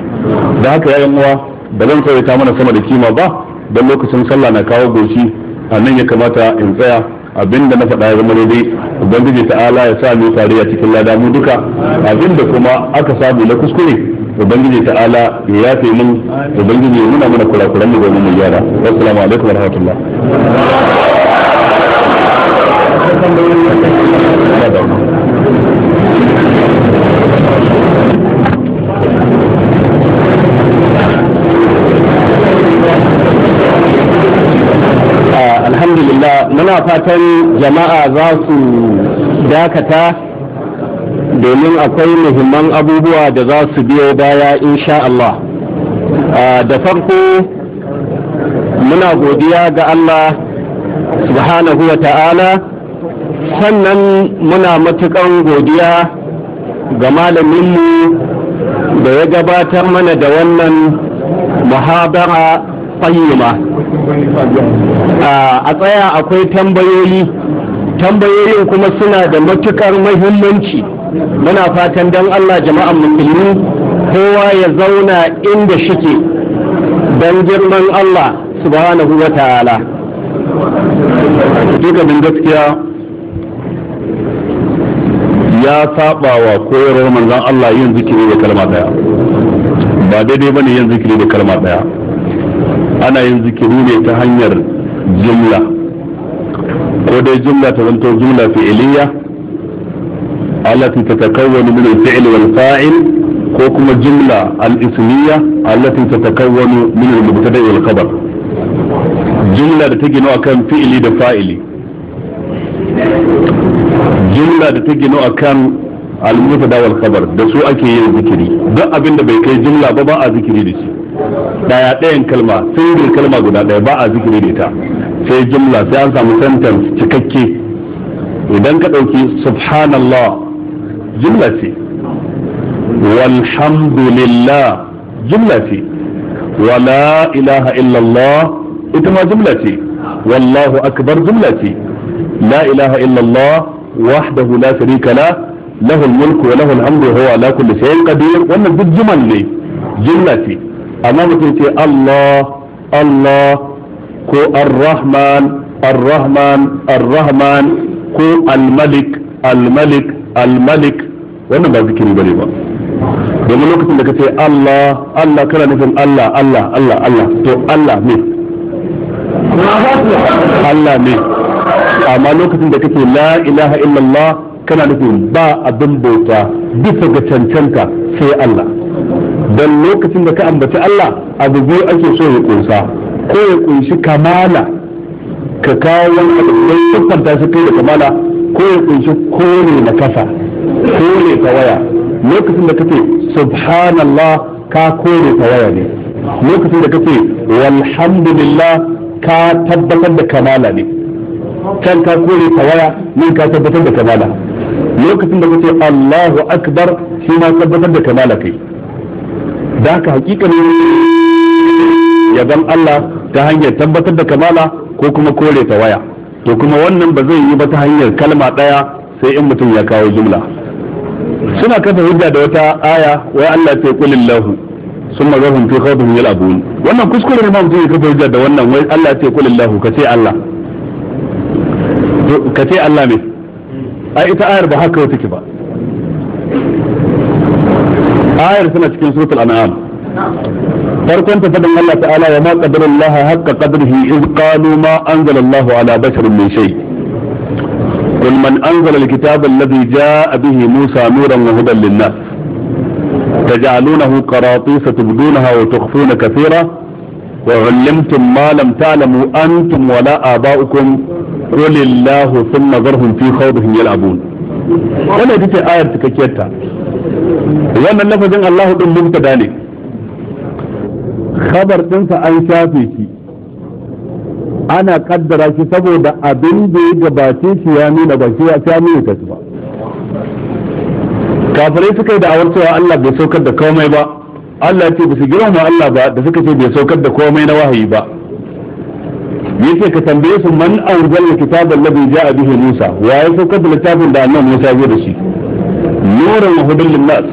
da haka yayin uwa ba zan tsawaita mana sama da kima ba don lokacin sallah na kawo goshi a nan ya kamata in tsaya abinda na faɗa ya zama daidai ubangiji ta'ala ya sa mu tare a cikin lada mu duka abinda kuma aka samu na kuskure ubangiji ta'ala ya yafe mun ubangiji ya nuna mana kurakuran mu domin mu gyara assalamu alaikum warahmatullahi muna fatan jama'a za su dakata domin akwai muhimman abubuwa da za su biyo baya insha Allah da farko muna godiya ga Allah subhanahu wa ta'ala sannan muna matukan godiya ga malaminmu da ya gabatar mana da wannan muhabara qayyima a tsaya akwai tambayoyi tambayoyin kuma suna da matukar muhimmanci muna fatan dan Allah jama'an musulmi kowa ya zauna inda shike dan girman Allah subhanahu wa ta'ala duka gaskiya ya saba wa koyarwar manzon Allah yin zikiri da kalma daya ba daidai bane yin zikiri da kalma daya ana yin zikiri ne ta hanyar jumla ko dai jumla ta zanto jumla fi'iliya allati tatakawwanu min al-fi'l wal fa'il ko kuma jumla al-ismiyya allati tatakawwanu min al-mubtada wal khabar jumla da ta gino akan fi'ili da fa'ili jumla da ta gino akan al-mubtada wal khabar da su ake yin zikiri duk da bai kai jumla ba ba a zikiri da shi daya ɗayan kalma sirrin kalma guda ɗaya ba a zikiri da ita sai jumla sai an samu sentence cikakke idan ka ɗauki subhanallah jumla ce walhamdulillah jumla ce wala ilaha illallah ita ma jumla ce wallahu akbar jumla ce la ilaha illallah wahdahu la sharika la lahu mulku wa lahu al-hamdu wa huwa ala kulli shay'in qadir wannan duk jumal ne jumla ce amma mutum ce Allah Allah ko Ar-Rahman Ar-Rahman Ar-Rahman ko Al-Malik Al-Malik Al-Malik wannan ba zikiri bane ba domin lokacin da ka ce Allah Allah kana nufin Allah Allah Allah Allah to Allah ne Allah ne amma lokacin da kake la ilaha illallah kana nufin ba abin bauta bisa ga cancanta sai Allah dan lokacin da ka ambaci Allah abu biyu ake so ya kunsa ko ya kunshi kamala ka kawo wani abu don siffanta shi kai da kamala ko ya kunshi kore na kasa kore ta waya lokacin da kake subhanallah ka kore ta waya ne lokacin da kake walhamdulillah ka tabbatar da kamala ne can ka kore ta waya nan ka tabbatar da kamala lokacin da kake Allahu akbar shi ma tabbatar da kamala kai da haka ya yaban Allah ta hanyar tabbatar da kamala ko kuma kore ta waya to kuma wannan ba zai yi ba ta hanyar kalma ɗaya sai in mutum ya kawo jumla suna kafa hujja da wata aya wai Allah ta kulil lahu summa zahum fi khawfihim yal'abun wannan kuskure ne ma mutum ya kafa hujja da wannan wai Allah ta kulil lahu ce Allah kace Allah me ai ita ayar ba haka take ba آية سنة cikin سورة الأنعام farkon ta fadin تعالى وما wa الله qadarullaha قدره إذ قالوا ما أنزل الله على بشر من شيء قل من أنزل الكتاب الذي جاء به موسى نورا وهدى للناس تجعلونه قراطيس تبدونها وتخفون كثيرا وعلمتم ما لم تعلموا أنتم ولا آباؤكم قل الله ثم ذرهم في خوضهم يلعبون ولا دي آية تككيتها wannan lafazin Allahu din mubtada ne khabar dinsa an shafe shi ana kaddara shi saboda abin da ya gabace shi ya nuna ba shi ya nuna ta ba kafirai suka yi da'awar cewa Allah bai saukar da komai ba Allah ce ba su girma Allah ba da suka ce bai saukar da komai na wahayi ba yake ka tambaye su man anzala kitabal ladhi ja'a bihi Musa wa ya saukar da littafin da annabi Musa ya da shi nuran wa hudan linnas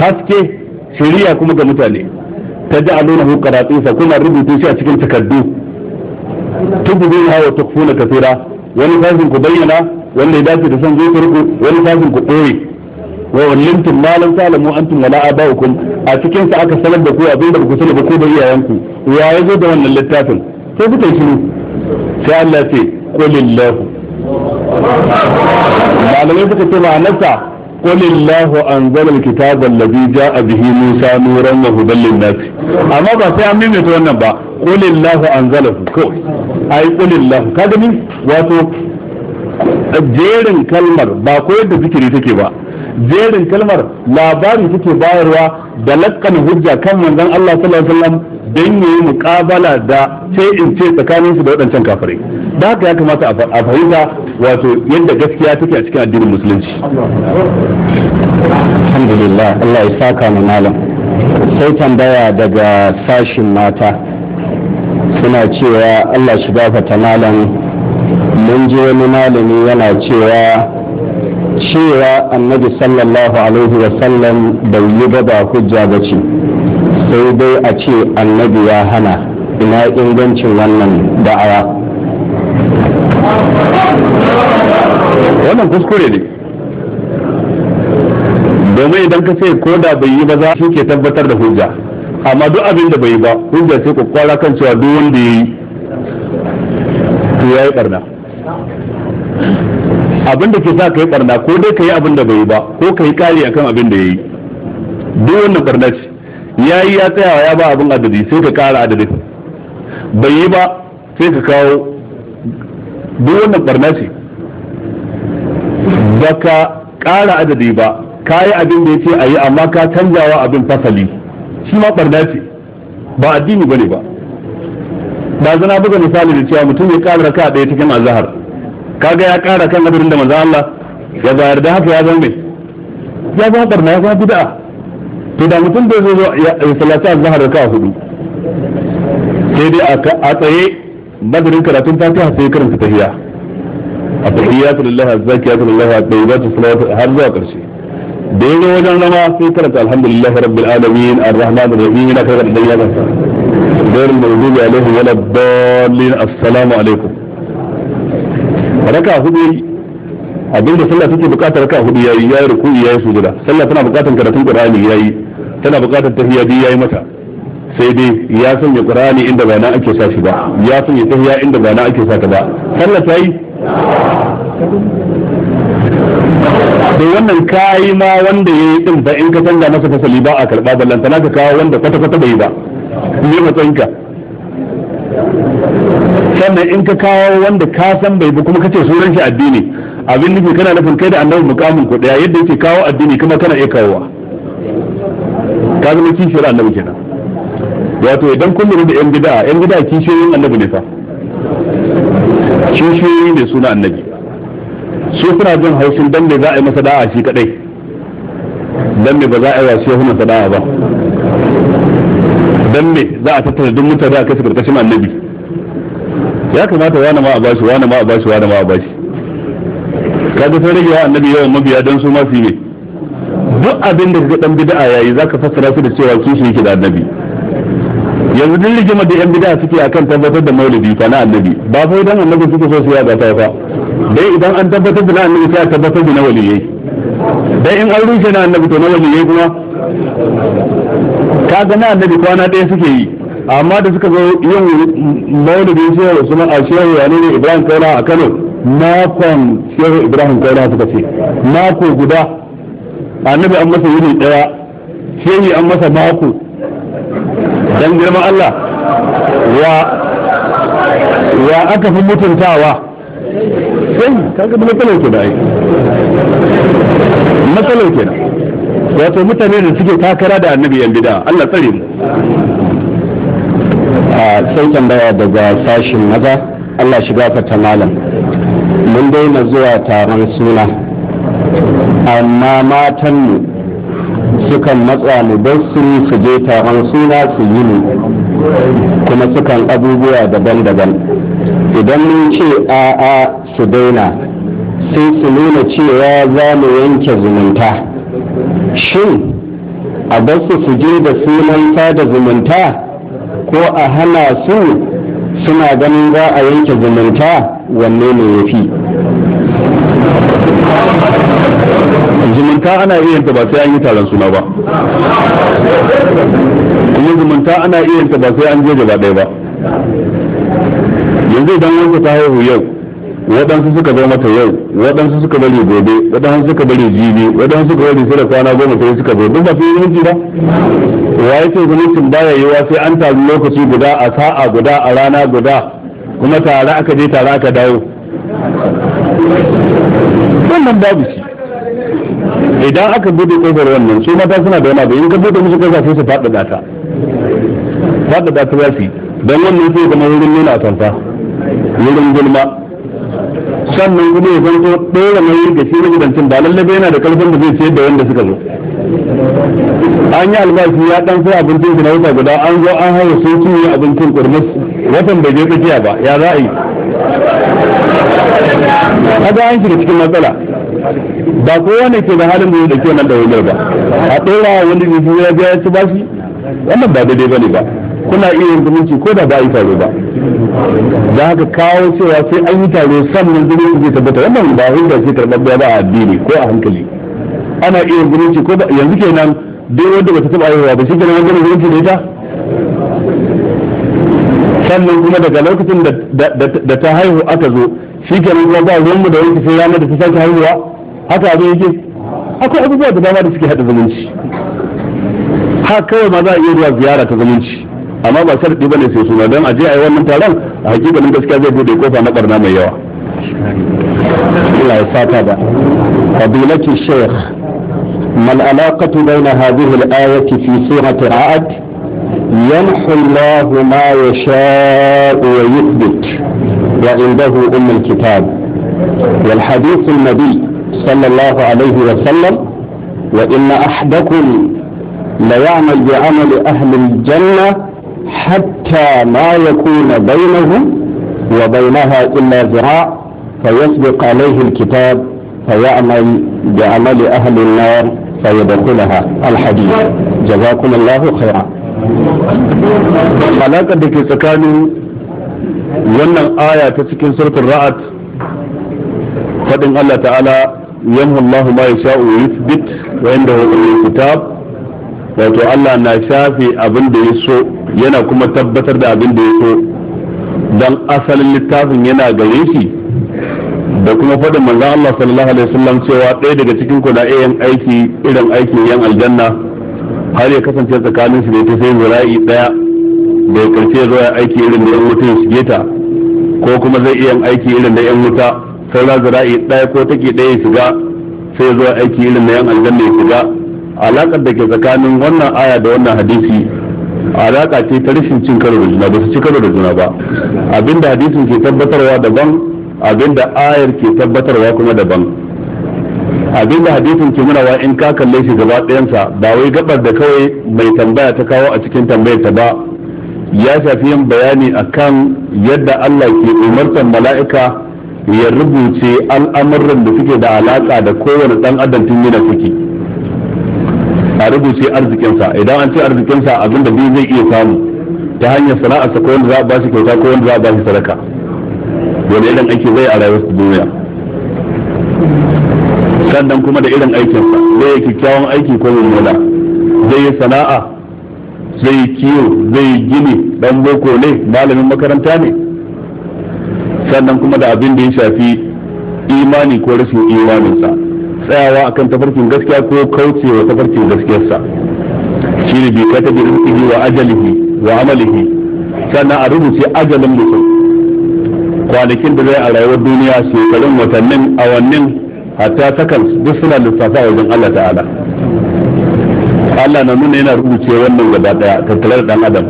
haske shari'a kuma ga mutane ta ji alona hukaratunsa kuna rubuta shi a cikin takardu tubulun hawa tukfuna kasira wani fasin ku bayyana wanda ya dace da son zuciyarku wani fasin ku ɓoye wa wallintum malam lam ta'lamu antum wala aba'ukum a cikin sa aka sanar da ku abin da ku sani ba ku bari yayanku ya yazo da wannan littafin sai ku tafi shiru sai Allah ya ce qulillahu malamai suka ce ma'anarsa قل الله أنزل الكتاب الذي جاء به موسى نورا وهدى للناس أما ba sai an ميميت wannan ba قل الله أنزله ko ai قل الله ka ni wato jerin kalmar ba koyar da zikiri take ba jerin kalmar labari take bayarwa da lakkan hujja kan manzon Allah sallallahu alaihi wasallam don yi mukabala da sai in ce tsakanin su da waɗancan kafirai da haka ya kamata a fahimta wato yadda gaskiya take a cikin addinin musulunci alhamdulillah Allah ya saka mu malam sai tambaya daga sashin mata suna cewa Allah shi gafata malam mun je wani malami yana cewa cewa annabi sallallahu alaihi wasallam bai yi ba ba hujja ba ce sai dai a ce annabi ya hana ina ingancin wannan da'awa wannan kuskure ne domin idan ka sai ko da bai yi ba za su ke tabbatar da hujja amma duk abin da bai yi ba hujja sai kwakwara kan cewa duk wanda ya yi to ya yi barna abin da ke sa ka yi barna ko dai ka yi abin da bai yi ba ko ka yi kari akan abin da ya yi duk wannan barna ce yi ya tsayawa ya ba abin adadi sai ka kara adadin bai yi ba sai ka kawo duk wannan barna ce ba ka kara adadi ba ka yi abin da ya ce a yi amma ka canjawa abin fasali shi ma barna ce ba addini bane ba ba zana buga misali da cewa mutum ya kara raka ɗaya cikin azhar kaga ya kara kan adadin da manzo Allah ya bayar da haka ya zama ya zama barna ya zama bid'a to da mutum da zai zo ya salata azhar raka hudu sai dai a tsaye madarin karatun fatiha sai karanta tahiyya a tahiyya ta lillahi ya ta lillahi at-tayyibatu salatu har zuwa karshe da yayin wajen zama sai karanta alhamdulillahi rabbil alamin arrahmanir rahim ina karanta da yayin sa غير المغضوب عليهم ولا الضالين السلام عليكم ركع هدوء abinda sallah take bukatar ka hudu yayi yayi ruku'i yayi sujuda sallah tana bukatar karatun qur'ani yayi tana bukatar tahiyya bi yayi mata sai dai ya sanya qur'ani inda bana na ake sa shi ba ya sanya tahiyya inda bana na ake sa ta ba sallah ta yi da wannan kayi ma wanda ya yi din ba in ka canza masa fasali ba a karba ballantana ka kawo wanda kwata kwata bai ba ne matsayinka sannan in ka kawo wanda ka san bai ba kuma kace sunan shi addini abin nufi kana nufin kai da annabi mukamin ku daya yadda yake kawo addini kuma kana iya kawowa ka zama kishiyar annabi kenan wato idan kun lura da yan gida yan gida kishiyoyin annabi ne fa kishiyoyi ne suna annabi su suna jin haushin dan me za a yi masa da'a shi kadai dan me ba za a yi wa shehu masa da'a ba dan me za a tattara duk mutane a kai su karkashin annabi ya kamata wani ma a bashi wani ma a bashi wani ma a bashi kaga sai rage annabi yawan mabiya dan su ma su ne duk abin da kaga dan bid'a yayi zaka fassara su da cewa kishi yake da annabi yanzu din rigima da yan bid'a suke akan tabbatar da maulidi fa na annabi ba sai idan annabi suke so su ya ga fa dai idan an tabbatar da na annabi sai a tabbatar da na waliyai dai in an rufe na annabi to na waliyai kuma kaga na annabi kwana ɗaya suke yi amma da suka zo yin maulidi sai Usman a shehu ne Ibrahim kaula a Kano makon shehu ibrahim kaura suka ce mako guda annabi an masa yini daya shehu an masa mako dan girman Allah wa ya aka fi mutuntawa sai kaga matsalar ke da ai matsalar ke wato mutane da suke takara da annabi yan bida Allah tsare mu a sai tambaya daga sashin maza Allah shiga ta malam mun daina zuwa taron suna amma matanmu sukan matsa mu don su su je taron suna su yi mu kuma sukan abubuwa daban-daban idan mun ce a'a su daina sai su nuna cewa za mu yanke zumunta shin a basu su je da sunan sada zumunta ko a hana su suna ganin za a yanke zumunta wanne ne ya fi zumunta ana iya yanta ba sai an yi taron suna ba kuma zumunta ana iya yanta ba sai an je gaba ɗaya ba yanzu idan wanda ta haihu yau waɗansu suka zo mata yau waɗansu suka bari gobe waɗansu suka bari jibi waɗansu suka bari sai da kwana goma sai suka zo duk ba su yi zumunci ba wa yake zumuncin baya yiwa sai an taru lokaci guda a sa'a guda a rana guda kuma tare aka je tare aka dawo wannan babu shi idan aka bude kofar wannan su mata suna da wani in ka bude musu kofa sai su faɗaɗa ta faɗaɗa ta za don wannan sai zama wurin nuna a tanta wurin gulma sannan kuma ya zanto ɗora nauyi da shi magidancin ba lalle yana da karfin da zai ce da wanda suka zo an yi albashi ya dan sai abincin na wata guda an zo an hawa sun cinye abincin kurmus watan bai je tsakiya ba ya za a yi kaga an shiga cikin matsala ba ko wani ke da halin da da ke nan da wani ba a ɗora wani rubu ya biya ya ci bashi wannan ba daidai ba ne ba kuna iya yin zumunci ko da ba a yi taro ba da haka kawo cewa sai an yi taro sannan zumunci zai tabbata wannan ba hujja ce karɓar ba a addini ko a hankali ana iya yin zumunci ko da yanzu kenan duk wanda bata taɓa haihuwa ba shi kenan wanda zumunci da ita sannan kuma daga lokacin da ta haihu aka zo shi kenan kuma ba mu da wanki sai ranar da ta sake haihuwa haka abin yake akwai abubuwa da dama da suke haɗa zumunci haka kawai ma za a iya zuwa ziyara ta zumunci amma ba sarki bane sai suna don aje a yi wannan taron a hakikalin gaskiya zai bude kofa na barna mai yawa Allah ya ما العلاقة بين هذه الآية في سورة رعد يمحو الله ما يشاء ويثبت وعنده أم الكتاب والحديث النبي صلى الله عليه وسلم وإن أحدكم ليعمل بعمل أهل الجنة حتى ما يكون بينه وبينها إلا ذراع فيسبق عليه الكتاب فيعمل بعمل أهل النار فيدخلها الحديث جزاكم الله خيرا علاقة دكي سكاني ين الآية تسكين سورة الرعد فدن الله تعالى يمه الله ما يشاء ويثبت وعنده الكتاب wato Allah na shafe abin da ya so yana kuma tabbatar da abin da ya so don asalin littafin yana gare shi da kuma faɗin manzon Allah sallallahu alaihi wasallam cewa ɗaya daga cikin ku na yin aiki irin aikin yan aljanna har ya kasance tsakanin su da ita sai zura'i ɗaya da ya karshe zo ya aiki irin da yan wuta ya shige ta ko kuma zai iya aiki irin da yan wuta sai zura'i ɗaya ko take ɗaya ya shiga sai zo aiki irin da yan aljanna ya shiga alaƙar da ke tsakanin wannan aya da wannan hadisi alaƙa ce ta rashin cin karo da juna ba su ci karo da juna ba abinda hadisin ke tabbatarwa daban abinda ayar ke tabbatarwa kuma daban abinda hadisin ke nunawa in ka kalle shi gaba ɗayansa ba wai gabar da kawai mai tambaya ta kawo a cikin tambayar ta ba ya shafi yin bayani akan yadda Allah ke umartar mala'ika ya rubuce al'amuran da suke da alaƙa da kowane ɗan adam tun yana ciki a rubuce arzikinsa idan an ce arzikinsa abinda biyu zai iya samu ta hanyar sana'arsa ko wanda za a bashi kyauta ko wanda za a bashi sadaka wani irin aiki zai a rayuwar duniya sannan kuma da irin aikinsa zai yi kyakkyawan aiki ko mummuna zai yi sana'a zai yi kiwo zai yi gini dan boko ne malamin makaranta ne sannan kuma da abin da ya shafi imani ko rashin imaninsa tsayawa akan tafarkin gaskiya ko kaucewa tafarkin gaskiyarsa shi ne bi kata bi rizqihi wa ajalihi wa amalihi sannan a rubuce ajalin mutum kwanakin da zai a rayuwar duniya shekarun watannin awannin hatta takan duk suna lissafa wajen Allah ta'ala Allah na nuna yana rubuce wannan gaba daya tattare da dan adam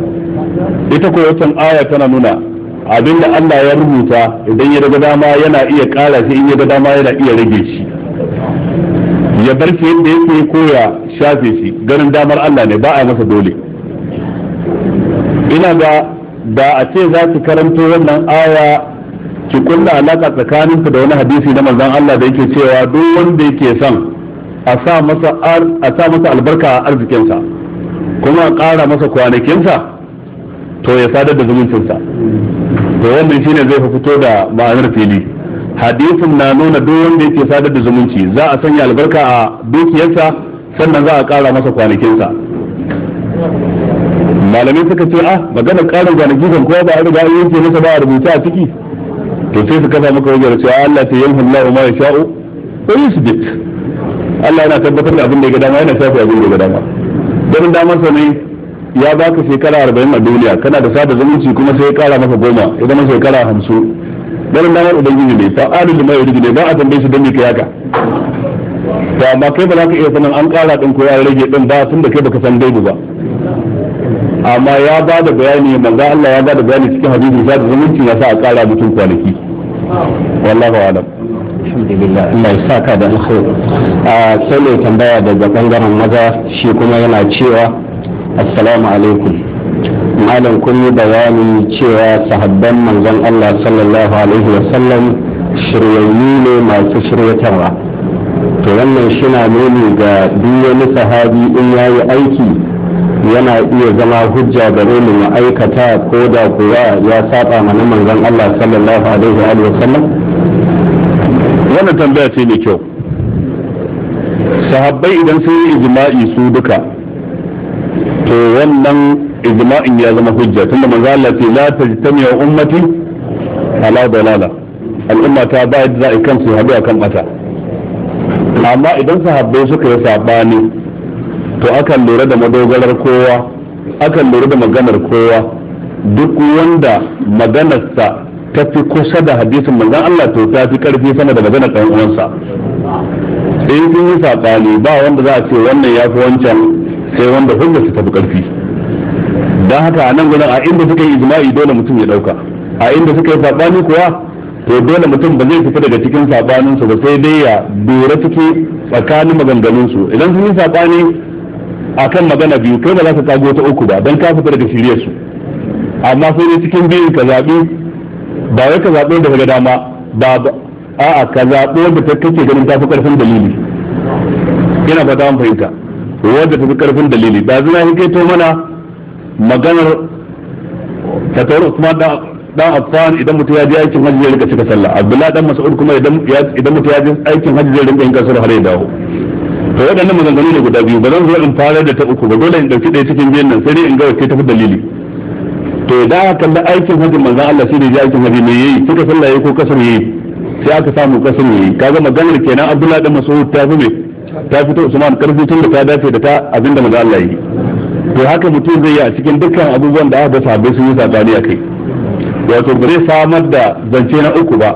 ita ko wancan aya tana nuna abinda Allah ya rubuta idan ya ga dama yana iya kara shi in ya ga dama yana iya rage shi ya bar shi yadda yake ko ya shafe shi ganin damar Allah ne ba a masa dole ina ga da a ce za ki karanto wannan aya ki kulla alaka tsakaninka da wani hadisi na manzon Allah da yake cewa duk wanda yake son a sa masa a sa masa albarka a arzikinsa kuma a ƙara masa kwanakinsa to ya sadar da zumuncinsa to wannan shine zai fito da ma'anar fili hadisin na nuna duk wanda yake sadar da zumunci za a sanya albarka a dukiyarsa sannan za a ƙara masa kwanakinsa malamai suka ce ah magana ƙarin kwanaki kan kowa ba a riga an yanke masa ba a rubuta a ciki to sai su kasa maka wajen cewa Allah ta yamhu Allah ma yasha'u su dit Allah yana tabbatar da abin da ya ga dama yana shafi abin da ya ga dama dan damar sa ne ya baka shekara arba'in a duniya kana da sada zumunci kuma sai ya kara maka goma ya zama shekara hamsin ganin damar ubangiji ne fa alu da mai ne ba a tambaye shi don me kai haka to amma kai ba za ka iya sanin an kara din ko ya rage din ba tun da kai baka san daidai ba amma ya ba da bayani manzo Allah ya ba da bayani cikin hadisi ya da zumunci ya sa a kara mutum kwanaki wallahu a'lam alhamdulillah Allah ya saka da alkhair a sai mai tambaya daga bangaren maza shi kuma yana cewa assalamu alaikum malam kun yi bayani cewa sahabban manzon Allah sallallahu alaihi wasallam shiryayyu ne masu shiryatarwa to wannan shina nuni ga duk wani sahabi in yayi aiki yana iya zama hujja da mu ma'aikata aikata ko da kuwa ya saba mana manzon Allah sallallahu alaihi wasallam wannan tambaya ce mai kyau sahabbai idan sun yi ijma'i su duka to wannan ijma'in ya zama hujja tunda manzo Allah ce la tajtami'u ummati ala dalala al'umma ta ba yadda za a kan su hadu akan bata amma idan sahabbai suka yi sabani to akan lura da madogarar kowa akan lura da maganar kowa duk wanda maganarsa ta fi kusa da hadisin manzan Allah to ta fi karfi sama da maganar ɗan uwansa in sun yi saɓani ba wanda za a ce wannan ya fi wancan sai wanda hujjarsa ta fi karfi don haka a nan gudan a inda suka yi ijma'i dole mutum ya dauka a inda suka yi sabani kuwa to dole mutum ba zai fita daga cikin sabanin su ba sai dai ya dora suke tsakanin maganganun su idan sun yi sabani akan magana biyu kai ba za ka kago ta uku ba dan ka fita daga shirye su amma sai dai cikin biyun ka zabi ba wai ka zabi da daga dama ba a'a ka zabi wanda kake ganin ta fi karfin dalili yana fata an fahimta wanda fi karfin dalili ba zina hikaito mana maganar tauri Usman dan Affan idan mutum ya je aikin hajji zai rika cika sallah Abdullahi dan Mas'ud kuma idan mutum ya je aikin hajji zai rika yin kasar har ya dawo to waɗannan maganganu ne guda biyu ba zan zo in fara da ta uku ba dole in ɗauki ɗaya cikin biyan nan sai dai in ga wacce tafi dalili to da aka kalli aikin hajji maza Allah shi ne ya aikin hajji ne yayi cika sallah yayi ko kasar yayi sai aka samu kasar yayi kaga maganar kenan Abdullahi dan Mas'ud ta fi me ta fito Usman karfi tun da ta dace da ta abinda manzo Allah yayi to haka mutum zai yi a cikin dukkan abubuwan da aka sabai sun yi sabani a kai wato ba zai samar da zance na uku ba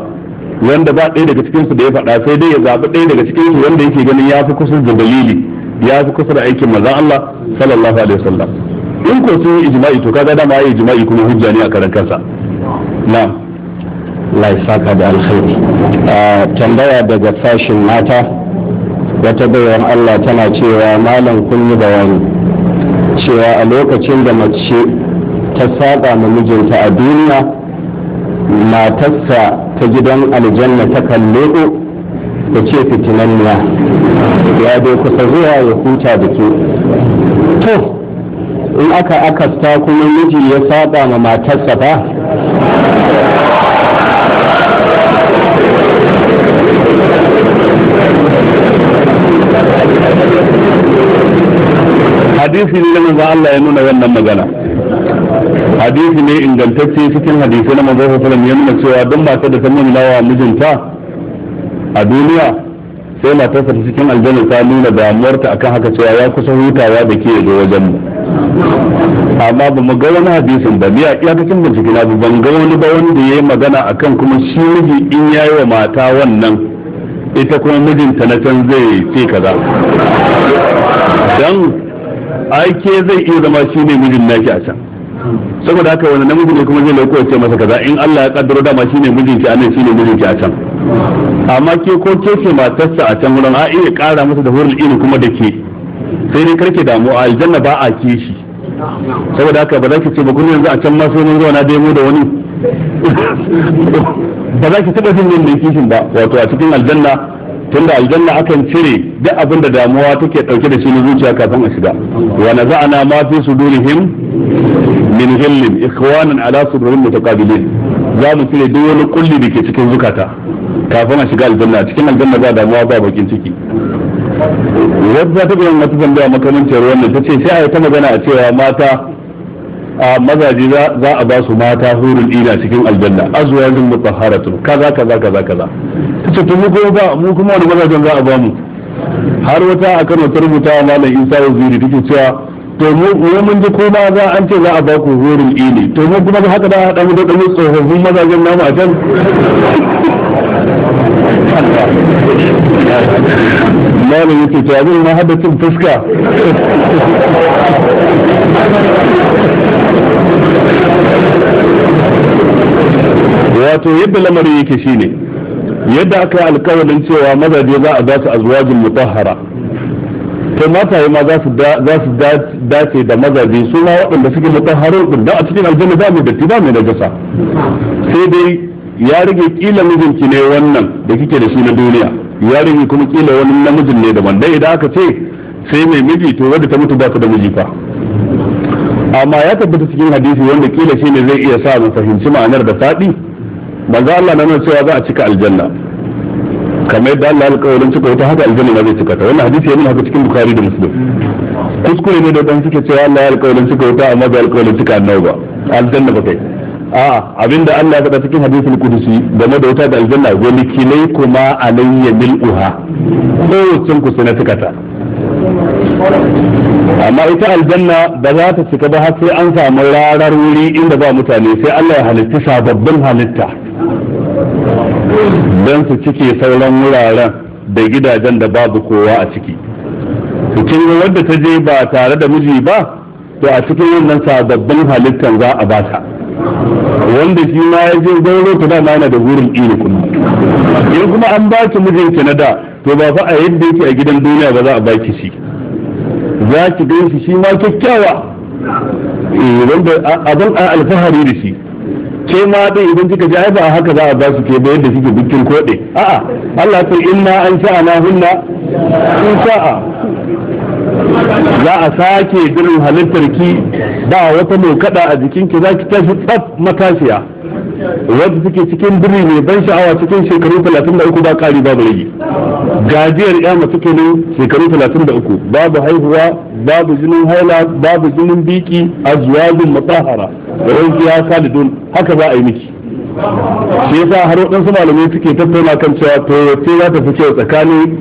wanda ba ɗaya daga cikinsu da ya faɗa sai dai ya zaɓi ɗaya daga cikinsu wanda yake ganin ya fi kusa da dalili ya fi kusa da aikin manzon Allah sallallahu alaihi wasallam in ko sun yi ijma'i to kaga dama yi ijma'i kuma hujja ne a karan kansa na'am Allah ya saka da alkhairi tambaya daga sashin mata wata bayan Allah tana cewa malam kun yi bayani cewa a lokacin da mace ta saba ma mijinta a duniya matarsa ta gidan aljanna ta kalle da ce fitinanniya ya dai kusa zuwa ya huta da ke to in aka akasta kuma miji ya saba ma matarsa ba hadisi ne na manzo Allah ya nuna wannan magana hadisi ne ingantacce cikin hadisi na manzo sallallahu alaihi ya nuna cewa don matar da ta nuna wa mijinta a duniya sai matarsa ta cikin aljanna ta nuna damuwarta akan haka cewa ya kusa hutawa da ke zo wajen mu amma ba mu ga wani hadisin ba ni a iyakacin bincike na ban ga wani ba wanda ya yi magana akan kuma shi miji in yayi wa mata wannan ita kuma mijinta na can zai ce kaza dan ai ke zai iya zama shi ne mijin naki a can saboda haka wani namiji ne kuma zai lauko ya ce masa kaza in Allah ya kaddaro dama shi ne mijinki a nan shi ne mijinki a can amma ke ko ke ce matarsa a can wurin a iya kara masa da hurul ilmi kuma da ke sai dai karke damu a aljanna ba a kishi saboda haka ba za ki ce ba gurin yanzu a can ma sai mun zo na demo da wani (laughs) ba za ki taba jin yin kishin ba wato a cikin aljanna tunda aljanna akan cire duk abin da damuwa take dauke da shi na zuciya kafin a shiga wa naza'ana ma fi sudurihim min ghillin ikhwanan ala sudurin mutaqabilin za mu cire duk wani kulli da ke cikin zukata kafin a shiga aljanna cikin aljanna ba damuwa ba bakin ciki wadda ta bayan wata tambaya makamancin wannan ta ce sai a yi ta magana a cewa mata mazaje za a ba su mata hurul ina cikin aljanna azwajun mutahharatun kaza kaza kaza kaza tace to mu kuma ba mu kuma wani mazajen za a ba mu har wata a Kano ta rubuta malam Isa Waziri take cewa to mu mun ji ko za an ce za a ba ku hurul ini to mu kuma haka da haɗa mu da tsofaffin mazajen namu a can malam yake to abin na hada cin fuska wato yadda lamarin yake shine yadda aka yi alkawarin cewa mazaje za a a azwajin mutahhara to mataye ma za su dace da mazaje su ma waɗanda suke mutahharun din da a cikin aljanna ba mai datti ba mai najasa sai dai ya rage kila mijinki ne wannan da kike da shi na duniya ya rage kuma kila wani namijin ne daban dai idan aka ce sai mai miji to wadda ta mutu ba ta da miji fa amma ya tabbata cikin hadisi wanda kila shi ne zai iya sa mu fahimci ma'anar da faɗi manzo Allah na nuna cewa za a cika aljanna kamar yadda Allah alƙawarin cika wata haka aljanna ma zai cika ta wannan hadisi yana haka cikin bukhari da muslim kuskure ne da dan suke cewa Allah ya alƙawarin cika wata amma ba alƙawarin cika annabi ba aljanna ba kai a abinda Allah ya faɗa cikin hadisul kudusi game da wuta da aljanna wani kilai kuma alayya mil'uha wucin ku sai na tukata amma ita aljanna ba za ta cika ba har sai an samu rarar wuri inda ba mutane sai Allah ya halitta sababbin halitta don su cike sauran wuraren da gidajen da babu kowa a ciki cikin wadda ta je ba tare da miji ba to a cikin wannan sababbin halittan za a ba ta wanda shi ma ya je gauro ta dama yana da wurin iri kuma in kuma an ba ki mijinki na da to ba fa a yadda yake a gidan duniya ba za a baki shi za ki gan shi shi ma kyakkyawa eh, wanda abin a alfahari da shi ke ma dai idan kika ji ai ba haka za a ba su ke ba yadda kike bukin koɗe a'a Allah ta inna an na hunna in sha'a za a sake birin halittar ki ba wata mai a jikin ki za ki tashi tsaf matashiya wadda suke cikin biri mai ban sha'awa cikin shekaru 33 ba kari babu rage gajiyar ya mace kenan shekaru 33 babu haihuwa babu jinin haila babu jinin biki a zuwajin matahara da ya salidun haka za a yi miki shi yasa har waɗansu malamai suke tattauna kan cewa to sai za ta fi kyau tsakanin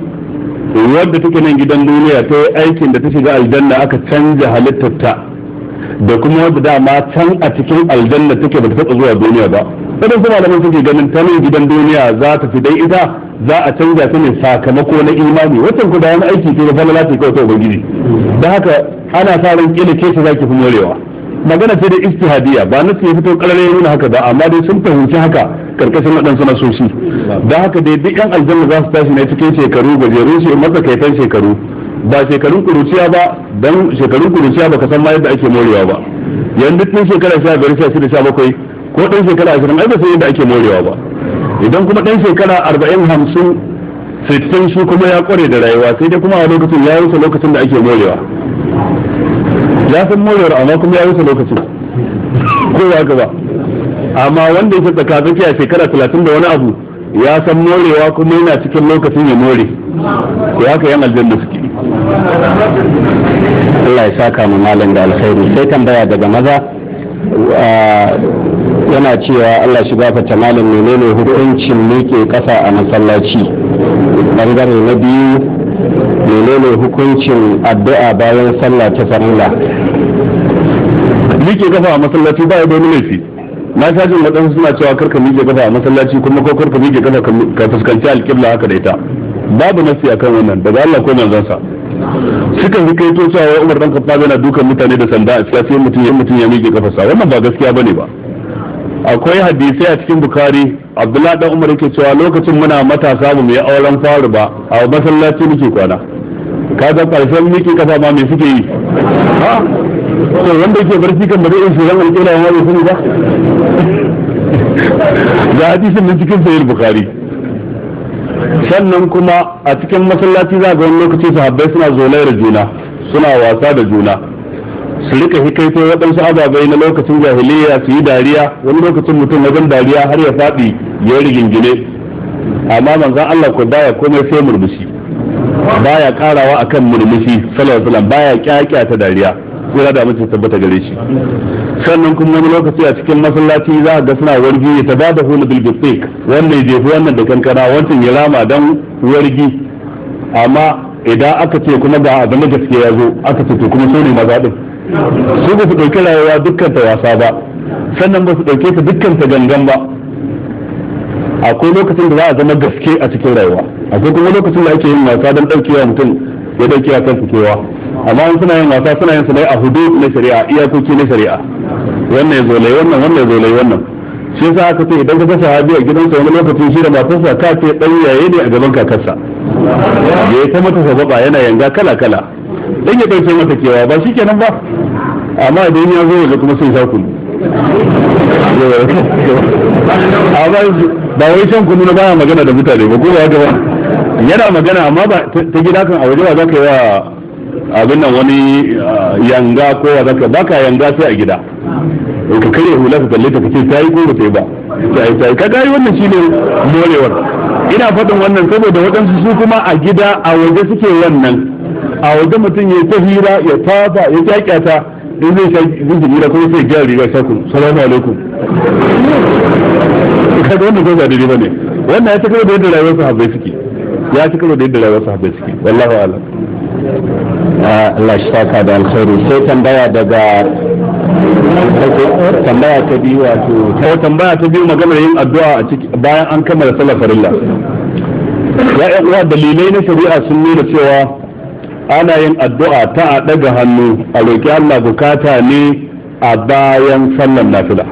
wadda take nan gidan duniya ta yi aikin da ta shiga aljanna aka canja halittarta da kuma wadda dama can a cikin aljanna take ba ta taɓa zuwa duniya ba idan su malaman suke ganin ta nan gidan duniya za ta fi dai ita za a canja ta ne sakamako na imani wacce ku da wani aiki ke da falala ce kawai ta ubangiji da haka ana sa ran kila ke za zaki fi morewa magana ce da istihadiya ba na ya fito karare ya nuna haka ba amma dai sun fahimci haka karkashin waɗansu nasoshi da haka dai duk yan aljanna za su tashi ne cikin shekaru gajeru shi matsakaitan shekaru ba shekarun kuruciya ba dan shekarun kuruciya ba kasan san ma yadda ake morewa ba yanzu tun shekara sha biyar sha shida sha bakwai ko ɗan shekara ashirin ai ba san yadda ake morewa ba idan kuma ɗan shekara arba'in hamsin sittin shi kuma ya kware da rayuwa sai dai kuma a lokacin ya rusa lokacin da ake morewa ya san morewar amma kuma ya wuce lokacin ko ya gaba amma wanda ya tsaka a shekara talatin da wani abu ya san morewa kuma yana cikin lokacin ya more ya haka yan aljanna suke Allah ya saka mu malam da alkhairi sai tambaya daga maza ah, yana cewa Allah shi gafarta malam menene hukuncin miƙe ƙasa a masallaci bangare na biyu menene hukuncin addu'a bayan sallah ta farilla miƙe kafa a masallaci ba ya da wani laifi na sha jin suna cewa kar ka miƙe kafa a masallaci kuma ko kar ka miƙe kafa ka fuskanci alƙibla haka da ita babu nasi kan wannan daga Allah ko sa suka yi kai to cewa Umar dan Khattab yana dukan mutane da sanda a cikin sai mutum ya mutum ya miƙe sa wannan ba gaskiya bane ba akwai hadisai a cikin Bukhari Abdullah dan Umar yake cewa lokacin muna matasa mu yi auren faru ba a masallaci muke kwana kaga karshen miƙe kafa ma me suke yi wanda yake barci kan ba zai iya alƙila ya yi sani ba ga hadisin nan cikin sahih bukhari sannan kuma a cikin masallaci za ga wani lokaci sahabbai suna da juna suna wasa da juna su rika hikaito waɗansu ababai na lokacin jahiliya su yi dariya wani lokacin mutum wajen dariya har ya faɗi ya yi rigingine amma manzan Allah ko baya komai sai murmushi baya karawa kan murmushi sallallahu alaihi baya kyakya ta dariya tsira da mace tabbata gare shi sannan kuma wani lokaci a cikin masallaci za a ga suna wargi ya tada da hulu bil bisik wanda ya jefi wannan da kankana wancan ya rama dan wargi amma idan aka ce kuma ga da gaskiya ya zo aka ce to kuma so ne maza din su ba su ɗauki rayuwa dukkan ta wasa ba sannan ba su ɗauke ta dukkan ta gangan ba akwai lokacin da za a zama gaske a cikin rayuwa akwai kuma lokacin da ake yin wasa don ɗaukewa mutum ya ɗauke a kansa kewa amma in suna yin wasa suna yin su ne a hudu na shari'a iyakoki na shari'a wannan ya zolai wannan wannan ya zolai wannan shi yasa aka ce idan ka ga sahabi a gidansa wani lokaci shi da matarsa ka ce dan yaye ne a gaban kakarsa ya yi ta mata sababa yana yanga kala kala dan ya dauke mata kewa ba shi kenan ba amma idan ya zo yanzu kuma sai sha kunu amma ba wai shan kunu na baya magana da mutane ba ko ba haka ba yana magana amma ba ta gida kan a waje ba za ka yi wa abin nan wani ah, yanga ko wa zaka baka yanga sai a gida eh, ka kare hula ka kalle ta kace tayi ko ba yi ba sai sai ka gari wannan shine morewar ina faɗin wannan saboda waɗansu su kuma a gida a waje suke wannan a waje mutum ya ta hira ya tafa ya kyakyata in zai sha gudun da kuma sai gyara riga ku salamu alaikum kaga wannan ko ba daidai bane wannan ya ci karo da yadda rayuwar sahabbai suke ya ci karo da yadda rayuwar sahabbai suke wallahu a'lam Allah shi saka da alkhairu sai tambaya daga tambaya ta biyu wato ko tambaya ta biyu maganar yin addu'a a ciki bayan an kammala sallar farilla ya yan uwa dalilai na shari'a sun nuna cewa ana yin addu'a ta a daga hannu a roki Allah bukata ne a bayan sallar nafila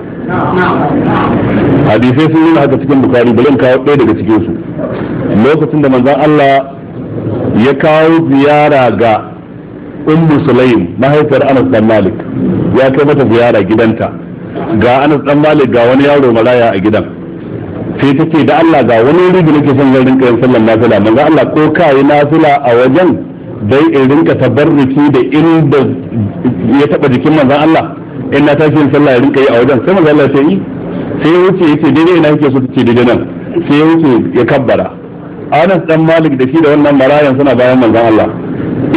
hadisai sun nuna haka cikin bukari bari in kawo ɗaya daga cikin su lokacin da manzon Allah ya kawo ziyara ga ummu sulaim mahaifiyar anas dan malik ya kai mata ziyara gidanta ga anas dan malik ga wani yaro maraya a gidan sai ta ce da Allah ga wani wuri nake son zan rinka yin sallan nafila manzo Allah ko kai nafila a wajen dai in rinka tabarruki da inda ya taba jikin manzo Allah in na tashi yin sallah rinka yi a wajen sai manzo Allah ya yi sai ya wuce yace daidai ina yake so take ce daidai nan sai ya wuce ya kabbara Anas dan Malik da shi da wannan marayan suna bayan manzon Allah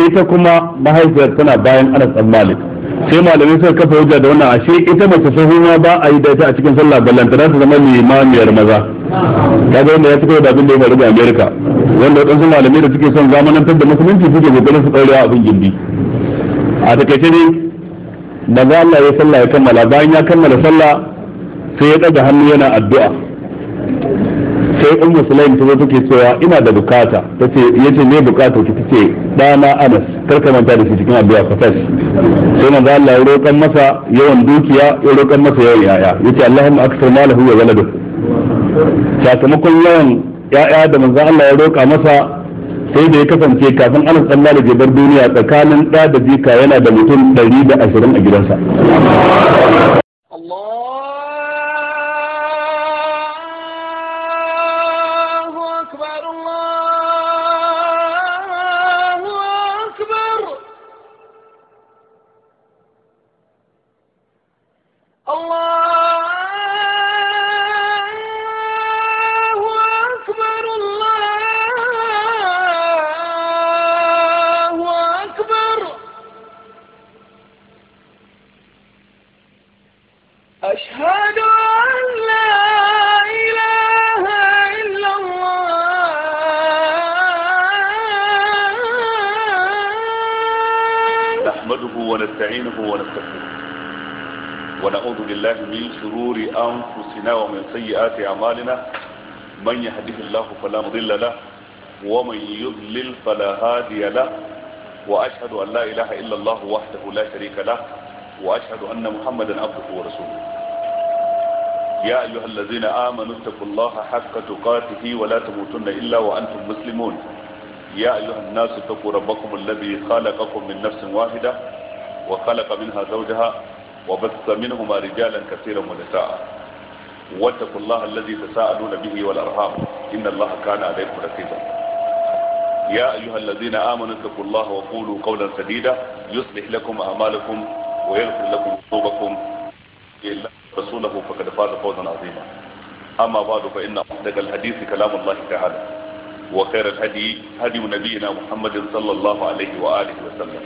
ita kuma mahaifiyar tana bayan anas dan malik sai malamai suka kafa hujja da wannan ashe ita mace ma ba a yi da ita a cikin sallah ballanta za ta zama limamiyar maza kaga wanda ya cika da abin da ya faru da america wanda wadansu malamai da suke son zamanantar da musulunci suke kokarin su ɗaure abin gindi a takaice ne maza Allah ya sallah ya kammala bayan ya kammala sallah sai ya ɗaga hannu yana addu'a sai ummu sulaim ta zo take cewa ina da bukata tace ce me bukata ki ce ɗana anas kar ka manta da shi cikin addu'a ka tashi sai manzo Allah ya roƙan masa yawan dukiya ya roƙan masa yawan yaya yace Allahumma akthir malahu wa waladahu sakamakon yawan yaya da manzo Allah ya roƙa masa sai da ya kasance kafin Anas dan Malik ya bar duniya tsakanin da da jika yana da mutum 120 a gidansa فلا مضل له ومن يضلل فلا هادي له وأشهد أن لا إله إلا الله وحده لا شريك له وأشهد أن محمدا عبده ورسوله يا أيها الذين آمنوا اتقوا الله حق تقاته ولا تموتن إلا وأنتم مسلمون يا أيها الناس اتقوا ربكم الذي خلقكم من نفس واحدة وخلق منها زوجها وبث منهما رجالا كثيرا ونساء واتقوا الله الذي تساءلون به والأرحام إن الله كان عليكم رقيبا يا أيها الذين آمنوا اتقوا الله وقولوا قولا سديدا يصلح لكم أعمالكم ويغفر لكم ذنوبكم إلا رسوله فقد فاز فوزا عظيما أما بعد فإن أصدق الحديث كلام الله تعالى وخير الهدي هدي نبينا محمد صلى الله عليه وآله وسلم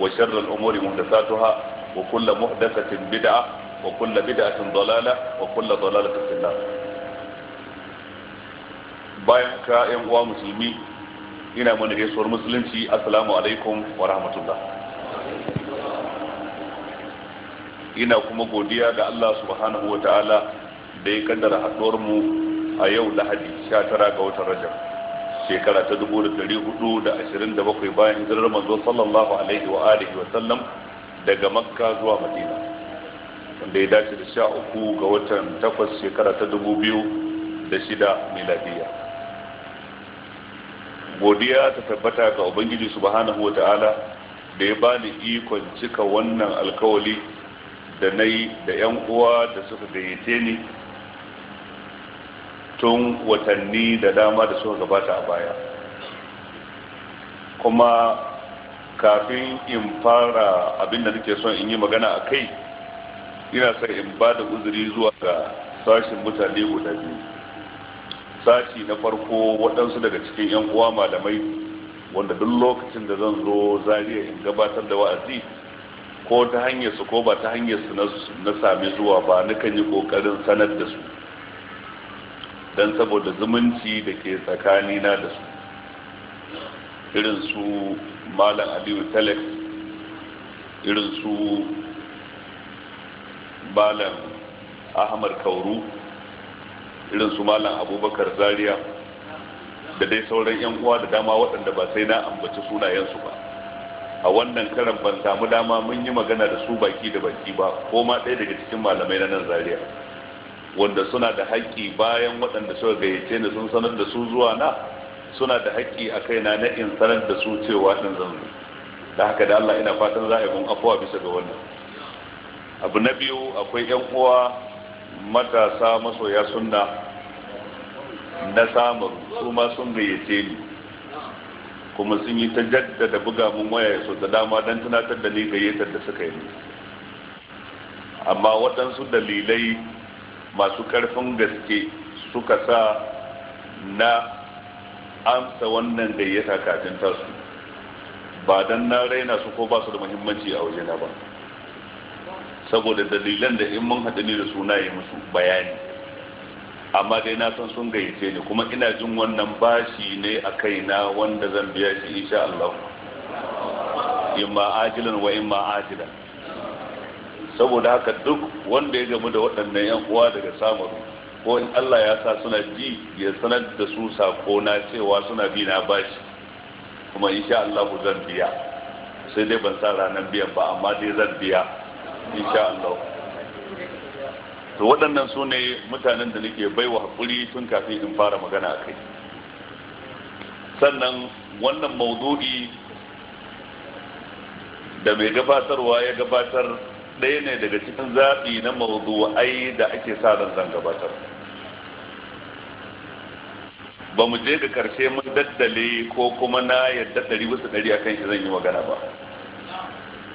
وشر الأمور محدثاتها وكل محدثة بدعة wa kulla bid'atin dalala wa kulla dalalatin fil bayan ka yan uwa musulmi ina mana gaisuwar musulunci assalamu alaikum wa rahmatullah ina kuma godiya ga Allah subhanahu wa ta'ala da ya kaddara haɗuwar mu a yau lahadi 19 ga watan rajab shekara ta 1427 bayan hijirar manzo sallallahu alaihi wa alihi wa sallam daga makka zuwa madina da ya dace da sha uku ga watan takwas shekara ta dubu biyu da shida miladiya godiya ta tabbata ga ubangiji subhanahu wa ta'ala da ya bani ikon cika wannan alkawali da na yi da 'yan uwa da suka gayyace ni tun watanni da dama da suka gabata a baya kuma kafin in fara abin da nake son in yi magana a kai ina sai in ba da uzuri zuwa ga sashen mutane guda biyu sashi na farko waɗansu daga cikin 'yan uwa malamai wanda duk lokacin da zan zo zariya in gabatar da wa'azi ko ta hanyar su ko ba ta hanyar su na sami zuwa ba nakan yi ƙoƙarin sanar da su don saboda zumunci da ke tsakanina da su irin su malam aliyu telex irin su malam ahmad kauru irin su malam abubakar zaria da dai sauran yan uwa da dama waɗanda ba sai na ambaci sunayensu ba a wannan karan ban samu dama mun yi magana da su baki da baki ba ko ma ɗaya daga cikin malamai na nan zaria wanda suna da haƙƙi bayan waɗanda suka gayyace ni sun sanar da su zuwa na suna da haƙƙi a kaina na in sanar da su cewa ɗin zan da haka da Allah ina fatan za a yi mun afuwa bisa ga wannan abu na biyu akwai yan uwa matasa masoya sunna na samun su ma sun gayyace ni kuma sun yi ta jaddada buga mun waya su da dama don tunatar da ni gayyatar da suka yi amma waɗansu dalilai masu ƙarfin gaske suka sa na amsa wannan gayyata kafin tasu ba don na raina su ko ba su da muhimmanci a wajena ba saboda dalilan da in mun haɗu ne da sunaye musu bayani amma dai na san sun gayyace ni kuma ina jin wannan bashi ne a kaina wanda zan biya shi insha Allah ma ajilan wa ma ajilan saboda haka duk wanda ya gamu da waɗannan yan uwa daga samaru ko in Allah ya sa suna ji ya sanar da su sako na cewa suna bi na bashi kuma insha Allah zan biya sai dai ban sa ranar biyan ba amma dai zan biya insha Allah to waɗannan su ne mutanen da nake baiwa haƙuri tun kafin in fara magana a kai sannan wannan maudu'i da mai gabatarwa ya gabatar ɗaya ne daga cikin zaɓi na maudu'ai da ake sa ran zan gabatar ba mu je ga ƙarshe mun daddale ko kuma na yadda ɗari wasu ɗari akan shi zan yi magana ba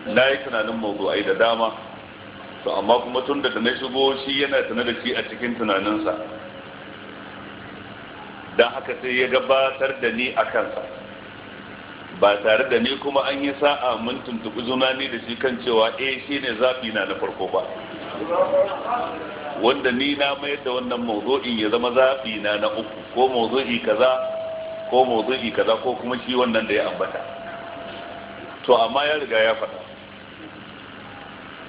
na yi tunanin mawdu'ai da dama to amma kuma tun da na shigo shi yana tana da shi a cikin tunaninsa don haka sai ya gabatar da ni a kansa ba tare da ni kuma an yi sa'a mun tuntuɓi zunani da shi kan cewa A eh, shi ne zaɓi na na farko ba wanda ni na mayar da wannan mawdu'in ya zama zaɓi na na uku ko mawdu'i kaza ko mawdu'i kaza ko kuma shi wannan da ya ambata to amma ya riga ya faɗa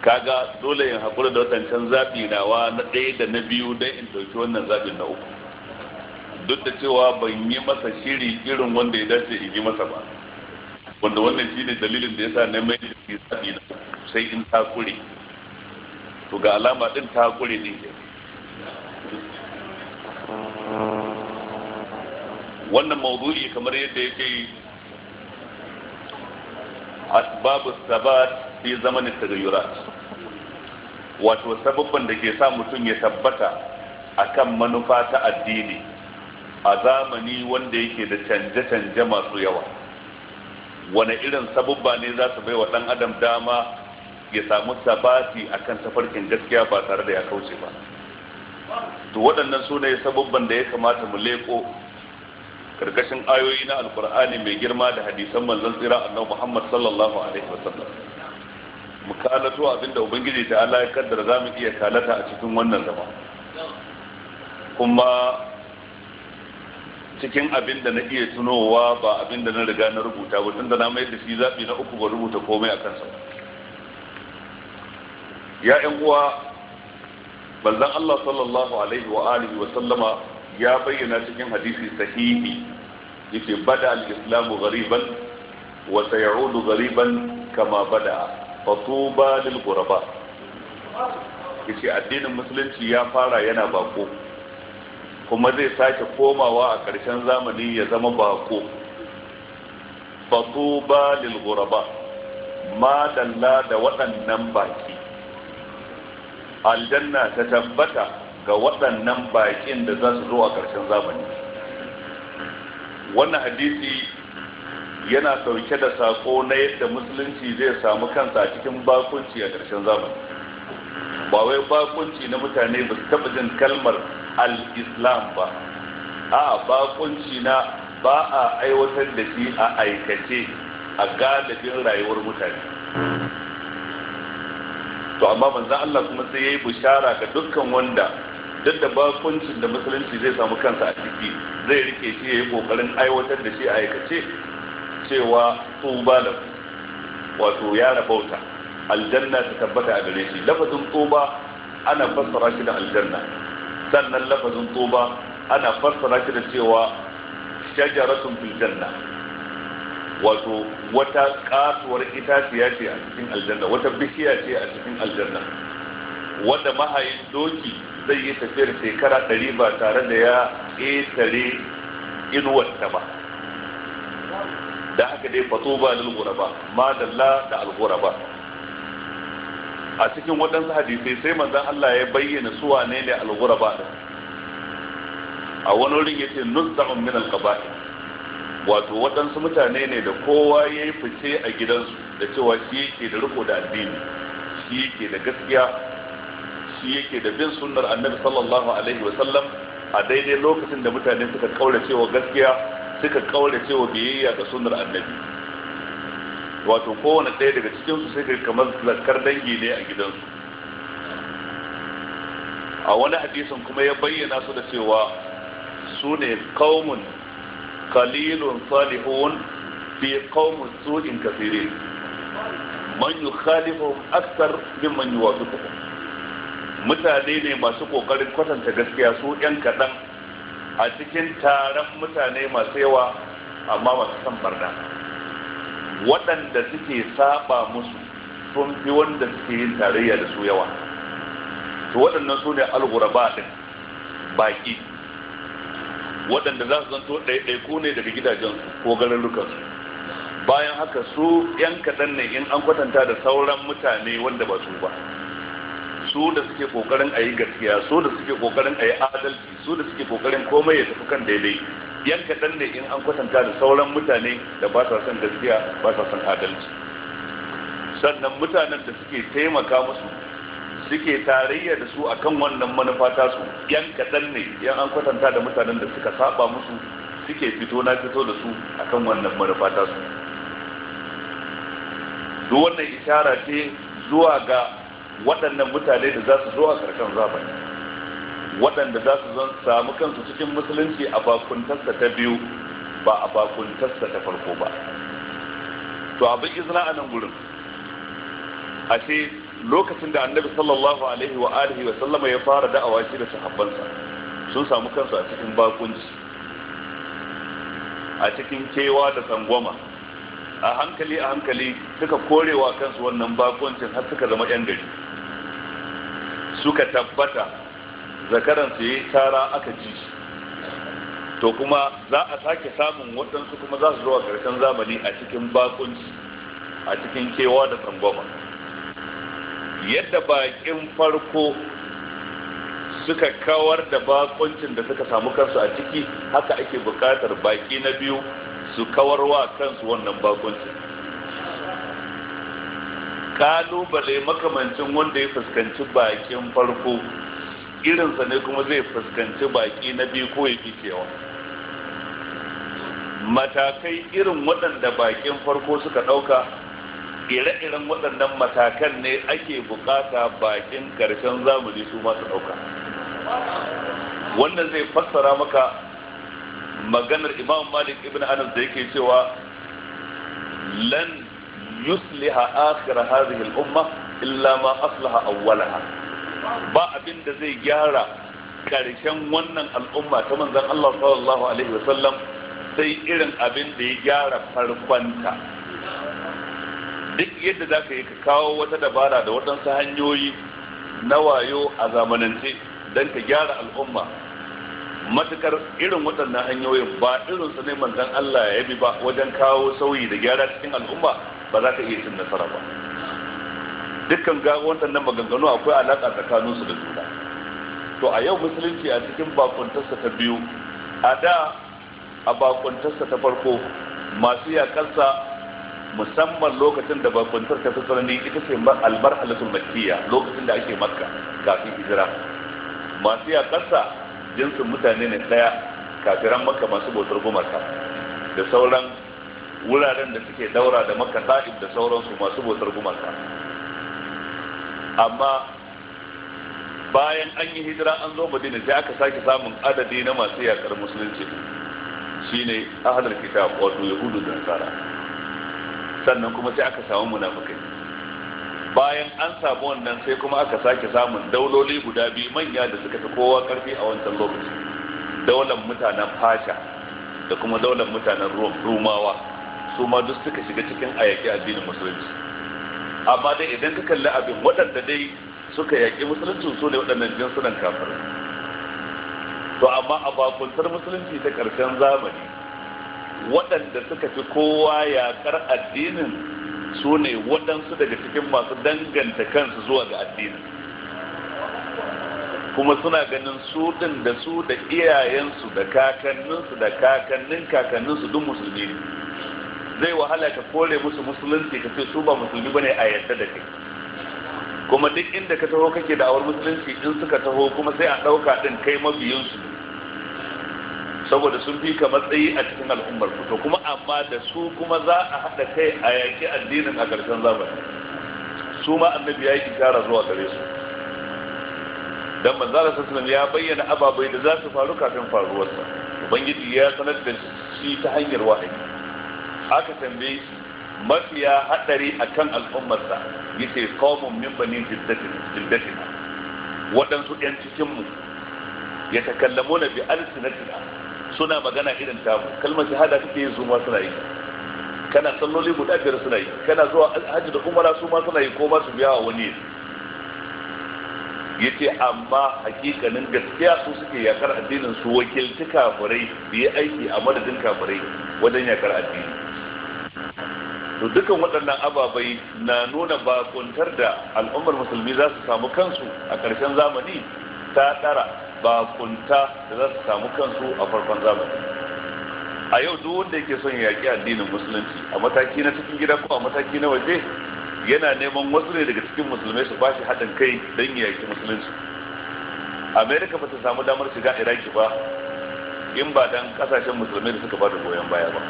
kaga dole yin haƙura da wadancan zaɓi nawa na ɗaya da na biyu don in ɗauki wannan zaɓin na uku duk da cewa ban yi masa shiri irin wanda ya dace in yi masa ba wanda wannan shi ne dalilin da ya sa na mai da zaɓi na sai in kure, to ga alama ɗin takure ne wannan mawdu'i kamar yadda yake babu sabat fi zamanin tagayyurat wato sababban da ke sa mutum ya tabbata a kan manufa ta addini a zamani wanda yake da canje-canje masu yawa wane irin sababba ne za su bai wa ɗan adam dama ya samu sabati kan tafarkin gaskiya ba tare da ya kauce ba to waɗannan su ne sababban da ya kamata mu leƙo ƙarƙashin ayoyi na Alƙur'ani mai girma da hadisan manzon tsira annabi muhammad sallallahu alaihi wasallam mu kalato abinda ubangiji ta Allah ya kaddara za mu iya kalata a cikin wannan zama kuma cikin abinda na iya tunowa ba abinda na riga na rubuta ba tunda na mai da shi zaɓi na uku ba rubuta komai a kansa ya ƴan uwa manzon Allah sallallahu alaihi wa alihi wa sallama ya bayyana cikin hadisi sahihi yace bada al-islamu ghariban wa sayaudu ghariban kama bada fatuba lil ghuraba yace addinin musulunci ya fara yana bako kuma zai sake komawa a ƙarshen zamani ya zama bako fatuba lil ghuraba ma dalla da waɗannan baki aljanna ta tabbata ga waɗannan bakin da za su zo a ƙarshen zamani wannan hadisi yana sauke da sako na yadda musulunci zai samu kansa cikin bakunci a ƙarshen zamani ba wai bakunci na mutane ba su taɓa jin kalmar al-islam ba a bakunci na ba a aiwatar da shi a aikace a galibin rayuwar mutane to amma manzan Allah kuma sai ya yi bishara ga dukkan wanda duk da bakuncin da musulunci zai samu kansa a ciki zai rike shi ya yi kokarin aiwatar da shi a aikace cewa tuba da wato ya rabauta aljanna ta tabbata a gare shi lafazin tuba ana fassara shi da aljanna sannan lafazin tuba ana fassara shi da cewa shajaratun fil janna wato wata kasuwar itaciya ce a cikin aljanna wata bishiya ce a cikin aljanna wanda mahayin doki zai yi tafiyar shekara ɗari ba tare da ya ƙetare inuwarta ba da haka dai fatuba lil ghuraba ma dalla da al a cikin waɗansu hadisai sai manzon Allah ya bayyana su wane ne al ghuraba a wani wurin yace nuzza'un min al wato waɗansu mutane ne da kowa ya yi fice a gidansu da cewa shi yake da riko da addini shi yake da gaskiya shi yake da bin sunnar annabi sallallahu alaihi a daidai lokacin da mutane suka kaura cewa gaskiya suka da cewa biyayya ga sunar annabi wato kowane ɗaya daga cikin su sai kamar lakar dangi ne a gidansu a wani hadisin kuma ya bayyana su da cewa su ne qaumun kalilun salihun fi qaumin su'in kathirin man yukhalifuhum akthar mimman yuwafiquhum mutane ne masu kokarin kwatanta gaskiya su yan kaɗan a cikin taron mutane masu yawa amma masu san barna waɗanda suke saba musu sun fi wanda suke yin tarayya da su yawa to waɗannan su ne alguraba ɗin baƙi waɗanda za su zanto ɗaiɗaiku ne daga gidajensu ko Lukas. bayan haka su 'yan kaɗan ne in an kwatanta da sauran mutane wanda ba su ba su da suke kokarin a yi gaskiya su da suke kokarin a yi adalci su da suke kokarin komai ya tafi kan daidai yan kaɗan ne in an kwatanta da sauran mutane da ba sa son gaskiya ba sa son adalci sannan mutanen da suke taimaka musu suke tarayya da su akan wannan manufa ta su yan kaɗan ne yan an kwatanta da mutanen da suka saba musu suke fito na fito da su akan wannan manufa ta su duk wannan ishara ce zuwa ga waɗannan mutane da za su zo a ƙarshen zamani waɗanda za su samu kansu cikin musulunci a bakuntarsa ta biyu ba a bakuntarsa ta farko ba to abin izina a nan gurin ashe lokacin da annabi sallallahu alaihi wa alihi wa sallama ya fara da'awa shi da sahabbansa sun samu kansu a cikin bakunci a cikin kewa da tsangwama a hankali a hankali suka korewa kansu wannan bakuncin har suka zama yan gari suka tabbata zakaran su yi tara aka ji to kuma za a sake samun waɗansu kuma za su zo a ƙarshen zamani a cikin bakunci a cikin kewa da tsangwama yadda bakin farko suka kawar da bakuncin da suka samu kansu a ciki haka ake buƙatar baki na biyu su kawar wa kansu wannan bakuncin kalubale makamancin wanda ya fuskanci bakin farko irinsa ne kuma zai fuskanci baki na biyu ko ya cewa matakai irin waɗanda bakin farko suka ɗauka ire-iren waɗannan matakan ne ake bukata bakin ƙarshen zamani su masu ɗauka wannan zai fassara maka maganar imam malik ibn anas da yake cewa lan yusliha akhir hadhihi al-umma illa ma aslaha awwalaha ba abinda zai gyara ƙarshen wannan al'umma ta manzon Allah sallallahu alaihi wasallam sai irin abin ya gyara farkonta duk yadda za ka yi ka kawo wata dabara da waɗansu hanyoyi na wayo a zamanance don ka gyara al'umma matukar irin waɗannan hanyoyi, ba irinsu ne manzon Allah ya bi ba wajen kawo sauyi da gyara cikin al'umma ba za ka iya cin nasara ba dukkan gawo waɗannan maganganu akwai alaƙa tsakanin su da juna to a yau musulunci a cikin bakuntarsa ta biyu a da a bakuntarsa ta farko masu yakansa musamman lokacin da bakuntar ta fi tsanani ita ce albar halittun makiya lokacin da ake makka kafin hijira masu yakarsa jinsin mutane ne ɗaya kafiran makka masu bautar gumarka da sauran wuraren da suke daura da maka sa'ib da sauransu masu bautar gumaka amma bayan an yi hijira an zo madina sai aka sake samun adadi na masu yakar musulunci shine ahlul kitab wato yahudu da nasara sannan kuma sai aka samu munafikai bayan an samu wannan sai kuma aka sake samun dauloli guda biyu manya da suka fi kowa karfi a wancan lokaci daular mutanen fasha da kuma daular mutanen rumawa su ma duk suka shiga cikin ayyaki addinin musulunci amma dai idan ka kalli abin waɗanda dai suka yaƙi musulunci su ne waɗannan jinsunan kafirai to amma a bakuntar musulunci ta ƙarshen zamani waɗanda suka fi kowa yaƙar addinin su ne waɗansu daga cikin masu danganta kansu zuwa ga addinin kuma suna ganin su ɗin da su da iyayensu da kakanninsu da kakannin kakanninsu duk musulmi ne zai wahala ka kore musu musulunci ka ce su ba musulmi bane a yarda da kai kuma duk inda ka taho kake da awar musulunci in suka taho kuma sai a ɗauka ɗin kai mabiyinsu saboda sun fi ka matsayi a cikin al'ummar ku to kuma amma da su kuma za a haɗa kai a yaƙi addinin a ƙarshen zamani su ma annabi ya yi kara zuwa gare su dan manzara sallallahu ya bayyana ababai da za su faru kafin faruwarsa ubangiji ya sanar da shi ta hanyar wahayi aka tambaye shi mafiya hadari a kan al'ummarsa yace qawmun min bani jiddatina waɗansu ɗan cikin mu ya na biyar alsinatina suna magana irin tamu kalmar shahada suke yin su ma suna yi kana salloli guda biyar suna yi kana zuwa hajji da umara su ma suna yi ko ma su biya wa wani Ya ce amma hakikanin gaskiya su suke yakar addinin su wakiltu kafirai da ya aiki a madadin kafirai wajen yakar addini to dukan waɗannan ababai na nuna bakuntar da al'ummar musulmi za su samu kansu a ƙarshen zamani ta ɗara bakunta da za su samu kansu a farkon zamani a yau duk wanda yake son yaƙi addinin musulunci a mataki na cikin gida ko a mataki na waje yana neman wasu ne daga cikin musulmai su bashi haɗin kai don ya yaƙi musulunci amerika ba ta samu damar shiga iraki ba in ba don ƙasashen musulmai da suka ba da goyon baya ba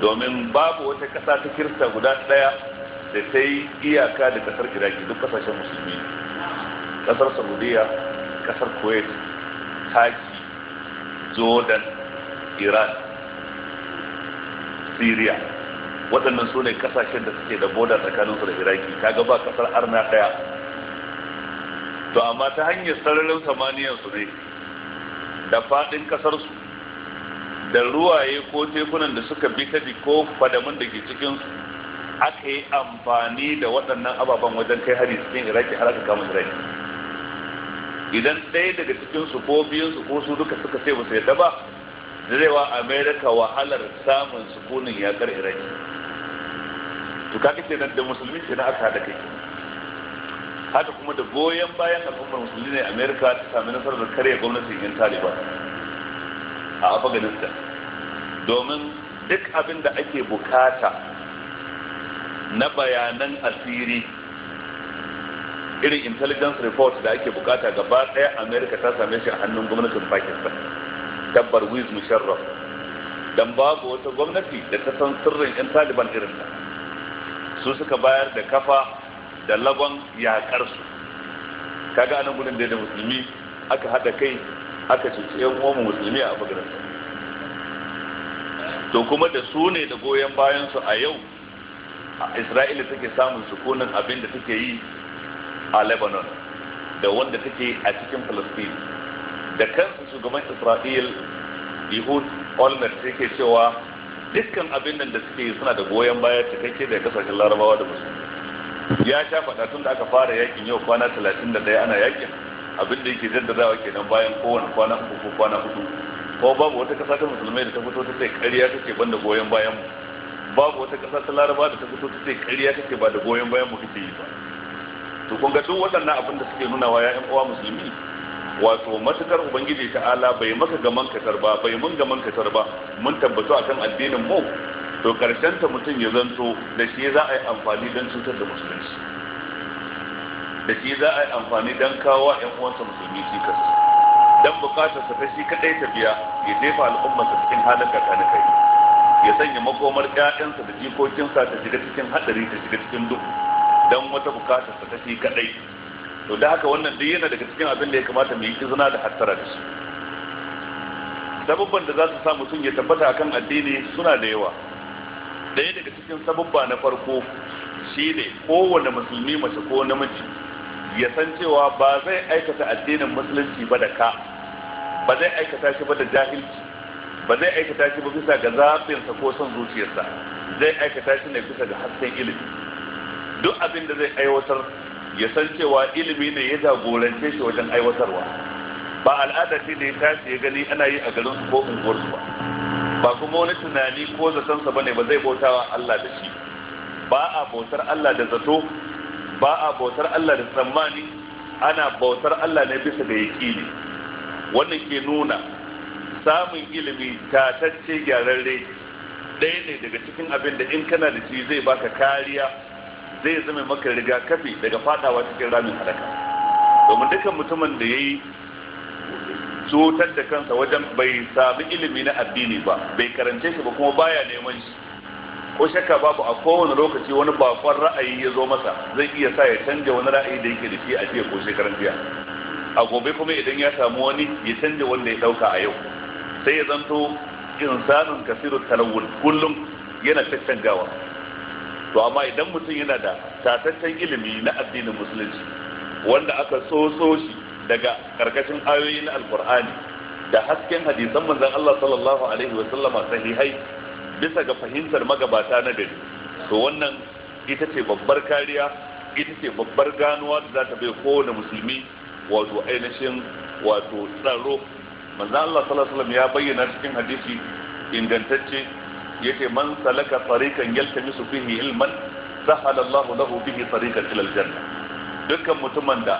domin babu wata ƙasa ta kirista guda ɗaya da ta yi iyaka da kasar iraki duk ƙasashen musulmi ƙasar saudiya kasar kuwait taki jordan iran syria waɗannan su ne ƙasashen da suke da boda tsakaninsu da iraki kaga ba ƙasar arna daya to amma ta hanyar sararin samaniyarsu ne da faɗin ƙasarsu da ruwaye ko tekunan da suka bi ta ko fadamin da ke cikin aka yi amfani da waɗannan ababen wajen kai hari cikin iraki har aka kama iraki idan ɗaya daga cikin su ko biyun su ko su duka suka ce musu yadda ba zirewa amerika wahalar samun sukunin yakar iraki to kaga nan da musulmi na aka haɗa kai haka kuma da goyon bayan al'ummar musulmi ne amerika ta sami nasarar karya gwamnatin yan taliban a afghanistan domin duk abin da ake bukata na bayanan asiri irin intelligence report da ake bukata gaba daya america ta same shi a hannun gwamnatin pakistan tabbar wiz musharraf dan babu wata gwamnati da ta san sirrin yan taliban irin ta su suka bayar da kafa da lagon yakar su kaga anan gudun da musulmi aka hada kai ce cece yan uwan musulmi a Afghanistan to kuma da su ne da goyon bayan su a yau a Isra'ila take samun sukunin abin da take yi a Lebanon da wanda take a cikin Palestine da kansu shugaban Isra'il Yehud Olmert take cewa dukkan abin nan da suke yi suna da goyon baya cikakke da kasashen Larabawa da musulmi ya sha faɗa tun da aka fara yakin yau kwana 31 ana yakin abin da yake jaddadawa kenan bayan kowane kwana uku ko kwana hudu ko babu wata kasa ta musulmai da ta fito ta sai ƙarya ban banda goyon bayan mu babu wata kasa ta laraba da ta fito ta sai ƙarya ce ba da goyon bayan mu kake yi ba to kun ga duk waɗannan abin da suke nuna wa ƴan uwa musulmi wato matukar ubangiji ta'ala bai maka gaman katar ba bai mun gaman katar ba mun tabbatu akan addinin mu to karshen ta mutum ya zanto da shi za a yi amfani don cutar da musulunci da shi za a yi amfani don kawo yan uwansa musulmi kasu don bukatar sa ta shi kadai ta biya ya jefa al'ummarsa cikin halin na kai ya sanya makomar 'ya'yansa da jikokinsa ta shiga cikin hadari ta shiga cikin duk don wata bukatar sa ta shi kadai to da haka wannan duk yana daga cikin abin da ya kamata mu yi izina da hattara da shi sabubban da za su sa mutum ya tabbata akan addini suna da yawa ɗaya daga cikin sabubba na farko shi ne kowane musulmi mace ko namiji ya san cewa ba zai aikata addinin musulunci ba da ka ba zai aikata shi ba da jahilci ba zai aikata shi ba bisa ga zaɓinsa ko son zuciyarsa zai aikata shi ne bisa ga hasken ilimi duk abin da zai aiwatar ya san cewa ilimi ne ya jagorance shi wajen aiwatarwa ba al'ada ce da ya tashi gani ana yi a garin ko unguwarsu ba ba kuma wani tunani ko zatonsa bane ba zai bautawa Allah da shi ba a bautar Allah da zato ba a bautar Allah da tsammani ana bautar Allah na bisa da yaƙini wannan ke nuna samun ilimi tatacce gyararre ɗaya ne daga cikin abin da in kana da shi zai baka kariya zai zama maka riga kafi daga fadawa cikin ramin halaka domin dukkan mutumin da ya yi cutar da kansa wajen bai sami ilimi na addini ba bai karance shi ba kuma baya neman shi ko shakka babu a kowane lokaci wani bakon ra'ayi ya zo masa zai iya sa ya canja wani ra'ayi da yake da shi a jiya ko shekaran jiya a gobe kuma idan ya samu wani ya canja wanda ya dauka a yau sai ya zanto insanin kasiru talawul kullum yana caccangawa to amma idan mutum yana da tataccen ilimi na addinin musulunci wanda aka soso shi daga karkashin ayoyi na alkur'ani da hasken hadisan manzon Allah sallallahu alaihi wa sallama sahihai bisa ga fahimtar magabata na gari to wannan ita ce babbar kariya ita ce babbar ganuwa da za ta bai kowane musulmi wato ainihin wato tsaro manzan Allah sallallahu alaihi ya bayyana cikin hadisi ingantacce ce man salaka yalta misu fihi ilman sahala Allahu lahu bihi tsarikan ila janna dukkan mutumin da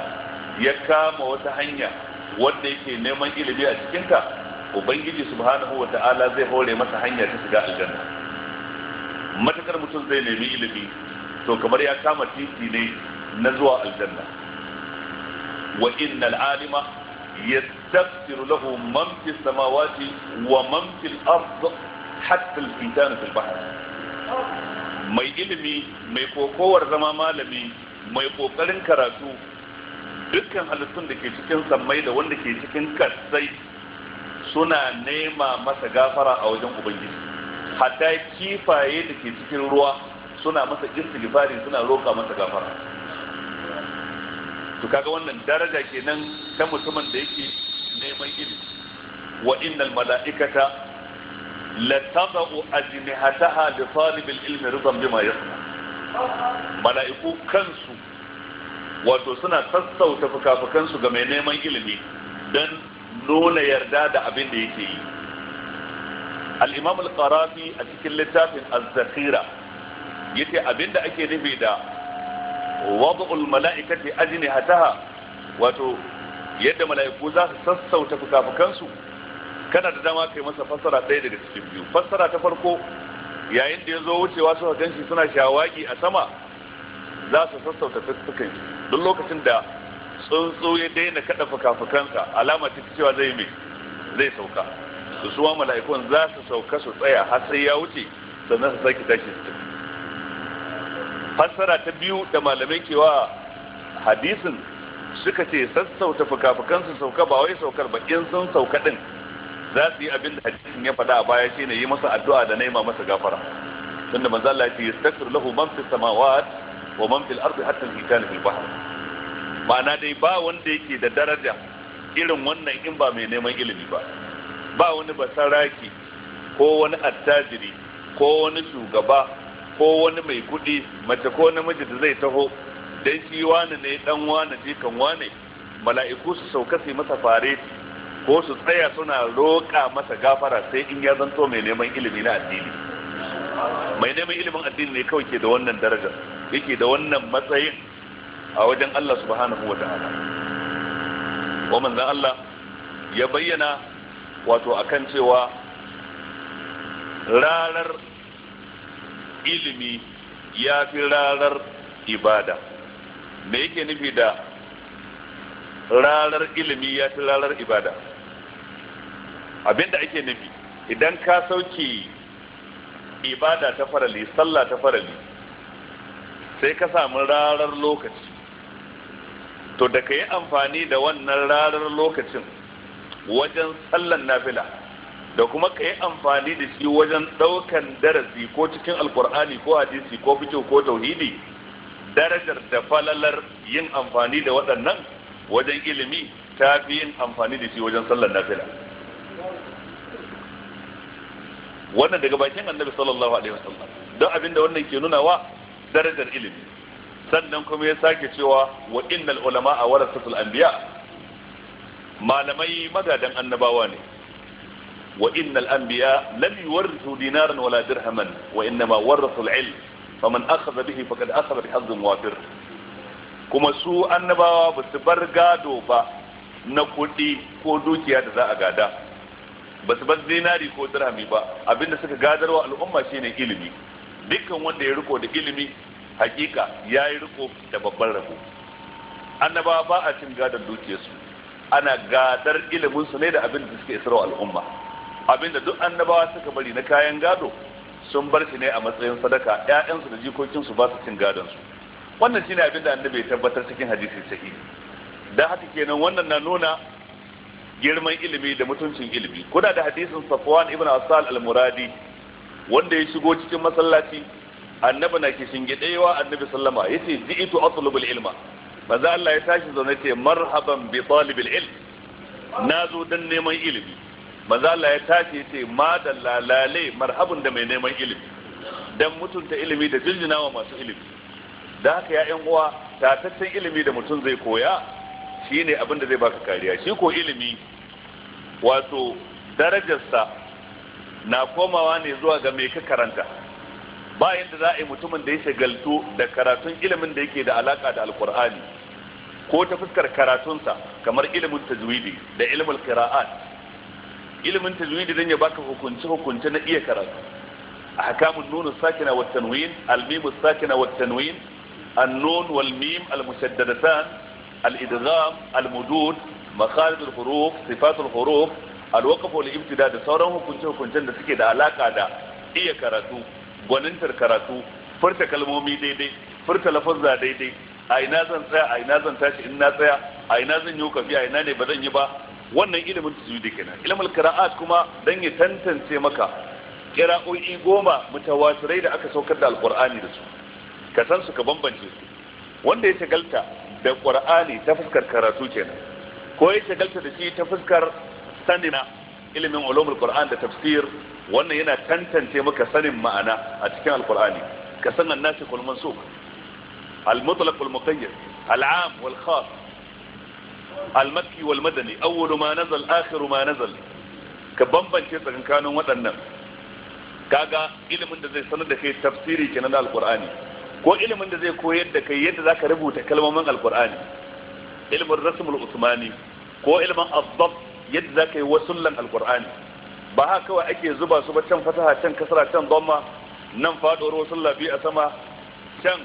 ya kama wata hanya wanda yake neman ilimi a cikinta ubangiji subhanahu wa ta'ala zai hore masa hanya ta shiga aljanna matakar mutum zai nemi ilimi to kamar ya kama titi ne na zuwa aljanna wa innal alima yastaghfiru lahu man fis samawati wa man fil ard hatta al fitan fil bahr mai ilimi mai kokowar zama malami mai kokarin karatu dukkan halittun da ke cikin sammai da wanda ke cikin karsai. suna nema masa gafara a wajen ubangiji hatta kifaye da ke cikin ruwa suna masa istighfari suna roƙa masa gafara to kaga wannan daraja kenan ta mutumin da yake neman ilimi wa innal mala'ikata la tadau ajnihataha li talib al-ilmi ridan bima yasna mala'iku kansu wato suna sassauta fukafukan su ga mai neman ilimi dan Nuna yarda da abin da yake yi al al-qarafi a cikin littafin az-zakhira yace abin da ake nufi da wad'ul mala'ikati ajnihataha wato yadda mala'iku za su sassauta fukafukansu kana da dama kai masa fassara ɗaya daga cikin biyu fassara ta farko yayin da ya zo wucewa suka ganshi suna shawaki a sama za su sassauta fukan duk lokacin da tsuntsu ya daina kada fuka-fukansa alama ta cewa zai mai zai sauka su suwa mala'ikun za su sauka su tsaya har sai ya wuce sannan su sake tashi su fassara ta biyu da malamai ke wa hadisin suka ce sassauta fuka-fukansu sauka ba wai saukar ba in sun sauka din za su yi abin da hadisin ya faɗa a baya shi ne yi masa addu'a da naima masa gafara tunda manzo Allah ya ce yastaghfir lahu man fis samawati wa man fil ardi hatta al-hitan fil ma'ana dai ba wanda yake da daraja irin wannan in ba mai neman ilimi ba ba wani basaraki ko wani attajiri ko wani shugaba ko wani mai kuɗi mace ko namiji da zai taho dan shi wani ne dan wani jikan wani mala'iku su sauka su masa fare ko su tsaya suna roƙa masa gafara sai in ya zanto mai neman ilimi na addini mai neman ilimin addini ne kawai ke da wannan daraja yake da wannan matsayin a wajen Allah subhanahu wa ta'ala wa manzan Allah ya bayyana wato akan cewa rarar ilimi ya fi rarar ibada me yake nufi da rarar ilimi ya fi rarar ibada abinda ake nufi idan ka sauke ibada ta farali sallah ta farali sai ka samu rarar lokaci to da ka yi amfani da wannan rarar lokacin wajen sallan nafila da kuma ka yi amfani da shi wajen ɗaukan darasi ko cikin alkur'ani ko hadisi ko fikin ko tauhidi darajar da falalar yin amfani da waɗannan wajen ilimi ta fi yin amfani da shi wajen sallan nafila wannan daga bakin annabi sallallahu alaihi wasallam don abinda wannan ke nuna wa darajar ilimi sannan kuma ya sake cewa wa innal ulama a warasatul anbiya malamai magadan annabawa ne wa innal anbiya lam yuwarithu dinaran wala dirhaman wa innama warathu al-ilm faman akhadha bihi faqad akhadha bi hazzin wafir kuma su annabawa ba su bar gado ba na kuɗi ko dukiya da za a gada ba su bar zinari ko dirhami ba abinda suka gadarwa al'umma shine ilimi dukkan wanda ya riko da ilimi hakika ya yi riko da babban rabo annabawa ba a cin gadon dukiyarsu ana gadar iliminsu ne da abin da suke isarwa al'umma abin da duk annabawa suka bari na kayan gado sun bar shi ne a matsayin sadaka 'ya'yansu da jikokinsu ba su cin gadonsu wannan shine abin da annabi ya tabbatar cikin hadisi sahihi da haka kenan wannan na nuna girman ilimi da mutuncin ilimi kuna da hadisin Safwan ibn Asal al-Muradi wanda ya shigo cikin masallaci annabi na kishin gidewa annabi sallama yace ji'itu atlubul ilma manzo Allah ya tashi zaune ce marhaban bi talibil ilm nazo dan neman ilimi manzo Allah ya tashi yace ma dalalale marhabun da mai neman ilimi dan mutunta ilimi da jinjinawa masu ilimi da haka ya yan uwa tataccen ilimi da mutum zai koya shine abin da zai baka kariya shi ko ilimi wato darajarsa na komawa ne zuwa ga mai ka karanta ba yadda za a yi mutumin da ya shagaltu da karatun ilimin da yake da alaka da alkur'ani ko ta fuskar karatunsa kamar ilimin tajwidi da ilimin qira'at ilimin tajwidi dan ya baka hukunce hukunce na iya karatu ahkamun nun sakina wa tanwin al mim sakina wa tanwin an nun wal mim al mushaddadatan al idgham al mudud makharij al huruf sifat al huruf al waqf wal ibtida da sauran hukunce hukuncen da suke da alaka da iya karatu gwanintar karatu furta kalmomi daidai furta lafazza daidai a ina zan tsaya a ina zan tashi in na tsaya a ina zan yi kafi a ina ne ba zan yi ba wannan ilimin tajwidi kenan ilimin qira'at kuma dan ya tantance maka qira'o'i goma mutawatirai da aka saukar da alqur'ani da su ka san su ka bambance su wanda ya shagalta da qur'ani ta fuskar karatu kenan ko ya shagalta da shi ta fuskar sanina ilimin ulumul qur'an da tafsir wannan yana tantance maka sanin ma'ana a cikin alqur'ani ka san annashi kul su al mutlaq wal muqayyad al am wal khas al makki wal madani awwalu ma nazal akhiru ma nazal ka bambance tsakankanin waɗannan kaga ilimin da zai sanar da kai tafsiri kenan da alqur'ani ko ilimin da zai koyar da kai yadda zaka rubuta kalmomin alqur'ani ilimin rasmul usmani ko ilimin adab yadda zaka yi wasullan alqur'ani ba haka kawai ake zuba su ba can fasaha can kasara can dhamma nan faduwar wasu labi a sama can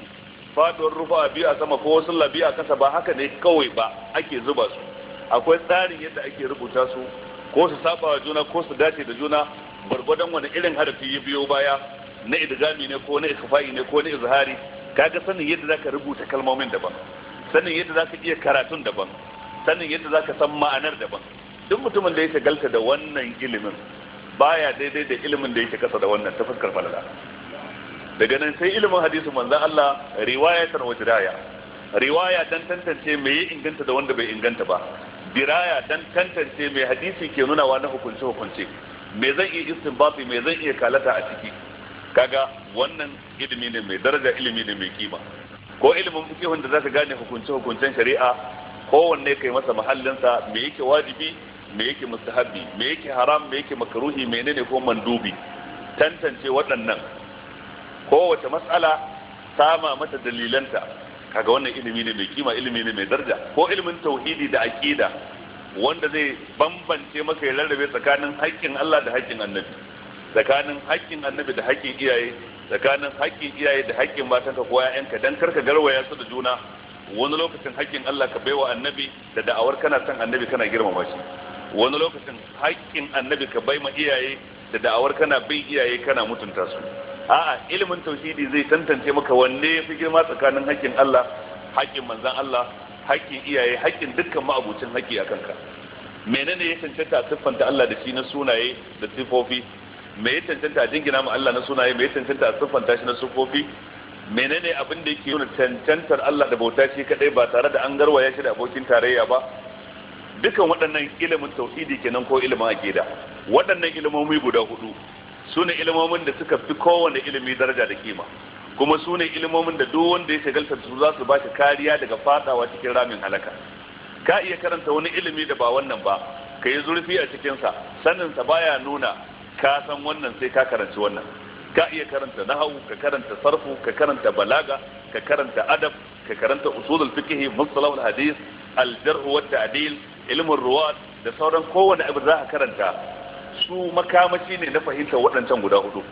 faduwar rufa a biyu a sama ko wasu labi a kasa ba haka ne kawai ba ake zuba su akwai tsarin yadda ake rubuta su ko su saba wa juna ko su dace da juna gwargwadon wani irin harafi ya biyo baya na idgami ne ko na ikhfa'i ne ko na izhari kaga sanin yadda zaka rubuta kalmomin daban sanin yadda zaka iya karatun daban sanin yadda zaka san ma'anar daban duk mutumin da ya galta da wannan ilimin baya daidai da ilimin da yake kasa da wannan ta fuskar falala daga nan sai ilimin hadisi manzon Allah riwayatan wa diraya riwaya dan tantance me ya inganta da wanda bai inganta ba diraya dan tantance me hadisi ke nuna wani na hukunce hukunce me zan iya istinbati me zan iya kalata a ciki kaga wannan ilimi ne mai daraja ilimi ne mai kima ko ilimin fiqh da zaka gane hukunce hukuncen shari'a kowanne kai masa mahallinsa me yake wajibi me yake mustahabi me yake haram me yake makaruhi menene ko mandubi tantance waɗannan kowace matsala sama mata dalilanta kaga wannan ilimi ne mai kima ilimi ne mai darja ko ilimin tauhidi da aqida wanda zai bambance maka ya rarrabe tsakanin haƙƙin Allah da haƙƙin annabi tsakanin haƙƙin annabi da haƙƙin iyaye tsakanin haƙƙin iyaye da haƙƙin matanka ko ƴaƴanka dan karka garwaya su da juna wani lokacin haƙƙin Allah ka baiwa annabi da da'awar kana son annabi kana girmama shi wani lokacin haƙƙin annabi ka bai ma iyaye da da'awar kana bin iyaye kana mutunta su a'a ilimin tauhidi zai tantance maka wanne ya fi girma tsakanin haƙƙin Allah haƙƙin manzan Allah haƙƙin iyaye haƙƙin dukkan ma'abucin haƙƙi a kanka? menene ya cancanta a siffanta Allah da shi na sunaye da sifofi me ya cancanta a jingina ma Allah na sunaye me ya cancanta a siffanta shi na sifofi menene abin da yake nuna cancantar Allah da bauta shi kadai ba tare da an garwaya shi da abokin tarayya ba dukan waɗannan ilimin tauhidi kenan ko ilimin aqida waɗannan ilimomi guda hudu su ne ilimomin da suka fi kowane ilimi daraja da kima kuma su ne ilimomin da duk wanda ya shagalta su za su ba kariya daga fadawa cikin ramin halaka ka iya karanta wani ilimi da ba wannan ba ka yi zurfi a cikin sa sanin sa baya nuna ka san wannan sai ka karanci wannan ka iya karanta nahawu ka karanta sarfu ka karanta balaga ka karanta adab ka karanta usulul fiqh mustalahul hadith al jarh wa ta'dil Ilimin ruwa da sauran kowane abu za ka karanta su makamashi ne na fahimtar waɗancan guda hudu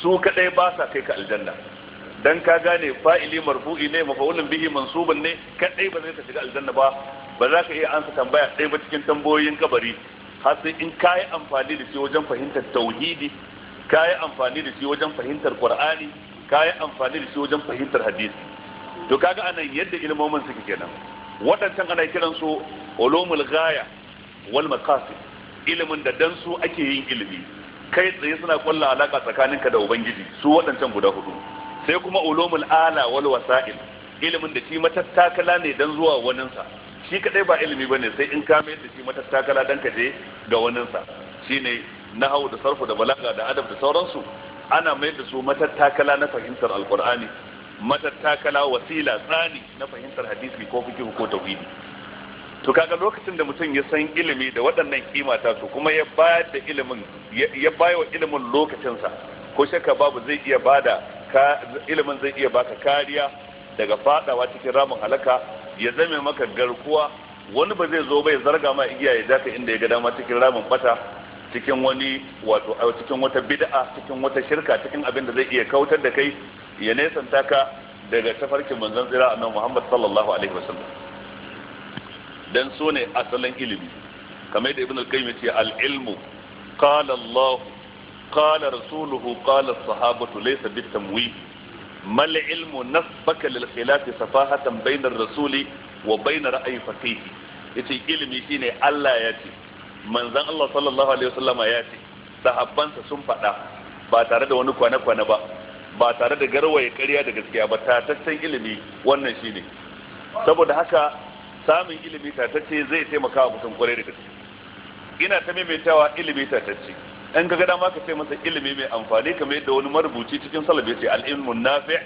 su kaɗai ba sa kai ka aljanna dan ka gane fa'ili marfu'i ne mafa'ulun bihi mansubun ne kadai ba zai ka shiga aljanna ba ba za ka iya ansa tambaya ɗaya ba cikin tambayoyin kabari har sai in yi amfani da shi wajen fahimtar tauhidi yi amfani da shi wajen fahimtar qur'ani yi amfani da shi wajen fahimtar hadisi to kaga anan yadda ilmomin suke kenan waɗancan ana su ulumul ghaya wal maqasid ilimin da dan su ake yin ilimi kai tsaye suna kwalla alaka tsakaninka da ubangiji su waɗancan guda hudu sai kuma ulumul ala wal wasa'il ilimin da shi matattakala ne dan zuwa waninsa shi kadai ba ilimi bane sai in ka mayar da shi matattakala dan ka je ga waninsa shine hau da sarfu da balaga da adab da sauransu ana mayar da su matattakala na fahimtar alqur'ani matattakala wasila tsani na fahimtar hadisi ko fikihu ko tauhidi to kaga lokacin da mutum ya san ilimi da waɗannan kima su kuma ya bayar da ilimin ya bayar wa ilimin lokacinsa ko shakka babu zai iya bada ilimin zai iya baka kariya daga fadawa cikin ramin halaka ya zame maka garkuwa wani ba zai zo bai zarga ma igiya ya daka inda ya ga dama cikin ramin bata cikin wani wato cikin wata bid'a cikin wata shirka cikin abin da zai iya kautar da kai ya nesanta ka daga tafarkin Manzan tsira annabi Muhammad sallallahu alaihi wasallam dan so ne asalin ilimi kamar da ibnu al-qayyim yace al-ilmu qala Allah qala rasuluhu qala as-sahabatu laysa bit-tamwih mal ilmu nasbaka lil khilaf safahatan bayna ar-rasuli wa bayna ra'yi faqih yace ilimi shine Allah ya ce manzon Allah sallallahu alaihi wasallama ya ce sahabbansa sun faɗa ba tare da wani kwana kwana ba ba tare da garwaye karya da gaskiya ba tataccen ilimi wannan shi ne saboda haka samun ilimi tace zai taimaka wa mutum kwarai da gaske ina ta maimaitawa ilimi tace in ka gada ma ka ce masa ilimi mai amfani kamar yadda wani marubuci cikin salabi ya ce al-ilmu nafi'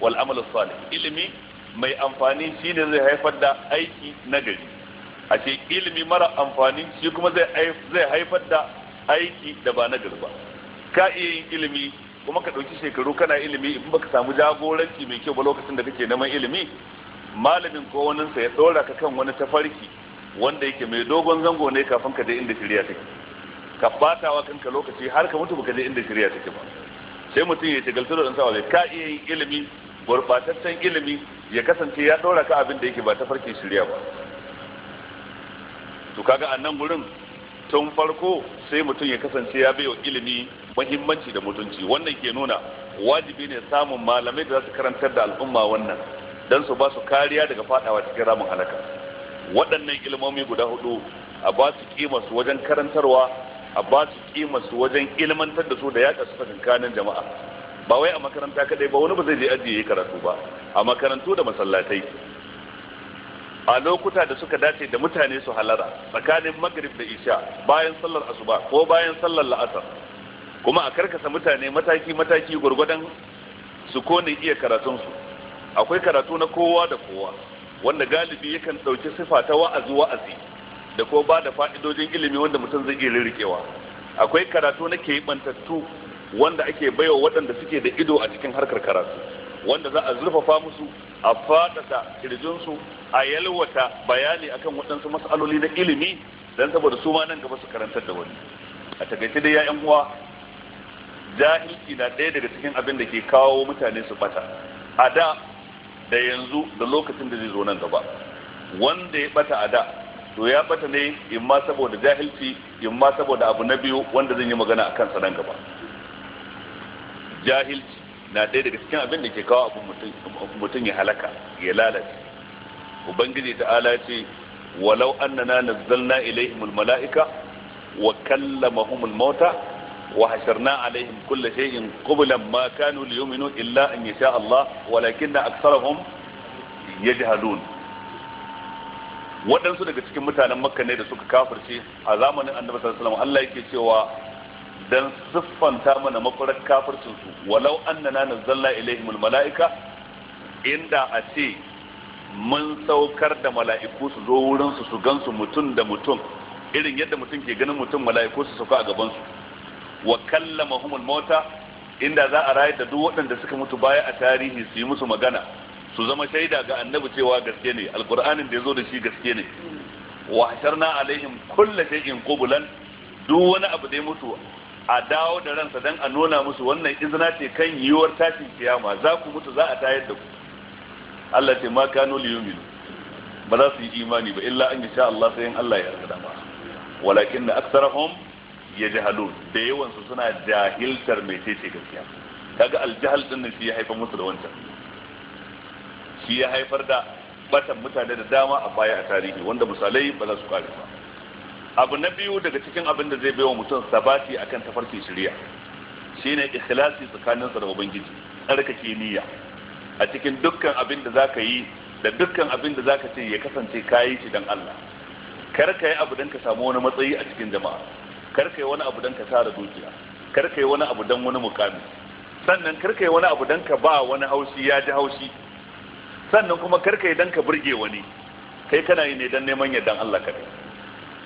wal amal ilimi mai amfani shine zai haifar da aiki nagari a ce ilimi mara amfani shi kuma zai haifar da aiki da ba nagari ba ka iya yin ilimi kuma ka ɗauki shekaru kana ilimi in baka samu jagoranci mai kyau ba lokacin da kake neman ilimi malamin ko waninsa ya ɗora ka kan wani tafarki wanda yake mai dogon zango ne kafin ka je inda shirya take ka batawa kanka lokaci har ka mutu baka je inda shirya take ba sai mutum ya shagaltu da ɗansa wajen ka iya yin ilimi gurɓataccen ilimi ya kasance ya ɗora ka abin da yake ba tafarkin shirya ba to kaga a nan gurin tun farko sai mutum ya kasance ya bai wa ilimi muhimmanci da mutunci wannan ke nuna wajibi ne samun malamai da za su karantar da al'umma wannan don su ba su kariya daga fadawa cikin ramin halaka waɗannan ilmomi guda hudu a ba su kima su wajen karantarwa a ba su kima su wajen ilmantar da su da yaƙa su tsakanin jama'a ba wai a makaranta kadai ba wani ba zai je ajiye karatu ba a makarantu da masallatai a lokuta da suka dace da mutane su halara tsakanin magrib da isha bayan sallar asuba ko bayan sallar la'asar kuma a karkasa mutane mataki-mataki gwargwadon su kone iya karatunsu akwai karatu na kowa da kowa wanda galibi yakan ɗauki sifa ta wa'azi wa'azi da ko ba da fa'idojin ilimi wanda mutum zai iya rikewa akwai karatu na keɓantattu wanda ake baiwa waɗanda suke da ido a cikin harkar karatu wanda za a zurfafa musu a faɗaɗa kirjinsu a yalwata bayani akan waɗansu mas'aloli na ilimi don saboda su ma nan gaba su karantar da wani a takaice dai ya'yan uwa jahilci na ɗaya daga cikin abin da ke kawo mutane su bata a da da yanzu da lokacin da zai zo nan gaba wanda ya bata a da to ya bata ne in ma saboda jahilci in ma saboda abu na biyu wanda zan yi magana a kansa nan gaba jahilci na ɗaya daga cikin abin da ke kawo abu mutum ya halaka ya lalace ubangiji ta'ala ce walau annana nazzalna ilaihimul mala'ika wa kallamahumul mauta وحشرنا عليهم كل شيء قبلا ما كانوا ليؤمنوا إلا أن يشاء الله ولكن أكثرهم يجهلون waɗansu daga cikin mutanen makka ne da suka kafirce a zamanin annabi sallallahu alaihi wasallam Allah yake cewa dan siffanta mana makurar kafircin su walau annana nazzalna ilaihimul malaika inda a ce mun saukar da mala'iku su zo wurin su su gansu mutum da mutum irin yadda mutum ke ganin mutum mala'iku su sauka a gaban su wa kallamahumul mota, inda za a rayar da duk waɗanda suka mutu baya a tarihi su yi musu magana su zama shaida ga annabi cewa gaske ne alqur'anin da zo da shi gaske ne wa hasharna alaihim kullu shay'in qublan duk wani abu da ya mutu a dawo da ransa dan a nuna musu wannan izina ce kan yiwuwar tashin kiyama za ku mutu za a tayar da ku Allah ce ma kanu liyuminu ba za su yi imani ba illa an ya sha Allah sai in Allah ya yarda ba walakin na aksarahum ya jahalu da yawan su suna jahiltar mecece gaskiya kaga aljahal din nan shi ya haifar musu da wancan shi ya haifar da batan mutane da dama a baya a tarihi wanda misalai ba za su kare ba abu na biyu daga cikin abin da zai baiwa mutum sabati akan tafarki shari'a shine ikhlasi tsakanin sa da ubangiji tsarkake niyya a cikin dukkan abin da zaka yi da dukkan abin da zaka ce ya kasance kayi shi dan Allah kar ka yi abu dan ka samu wani matsayi a cikin jama'a karkai yi wani abu don ka tara dukiya karkai yi wani abu don wani mukami sannan karkai yi wani abu don ka ba wani haushi ya ji haushi sannan kuma karkai yi don ka burge wani kai kana yi ne don neman yadda Allah kaɗai.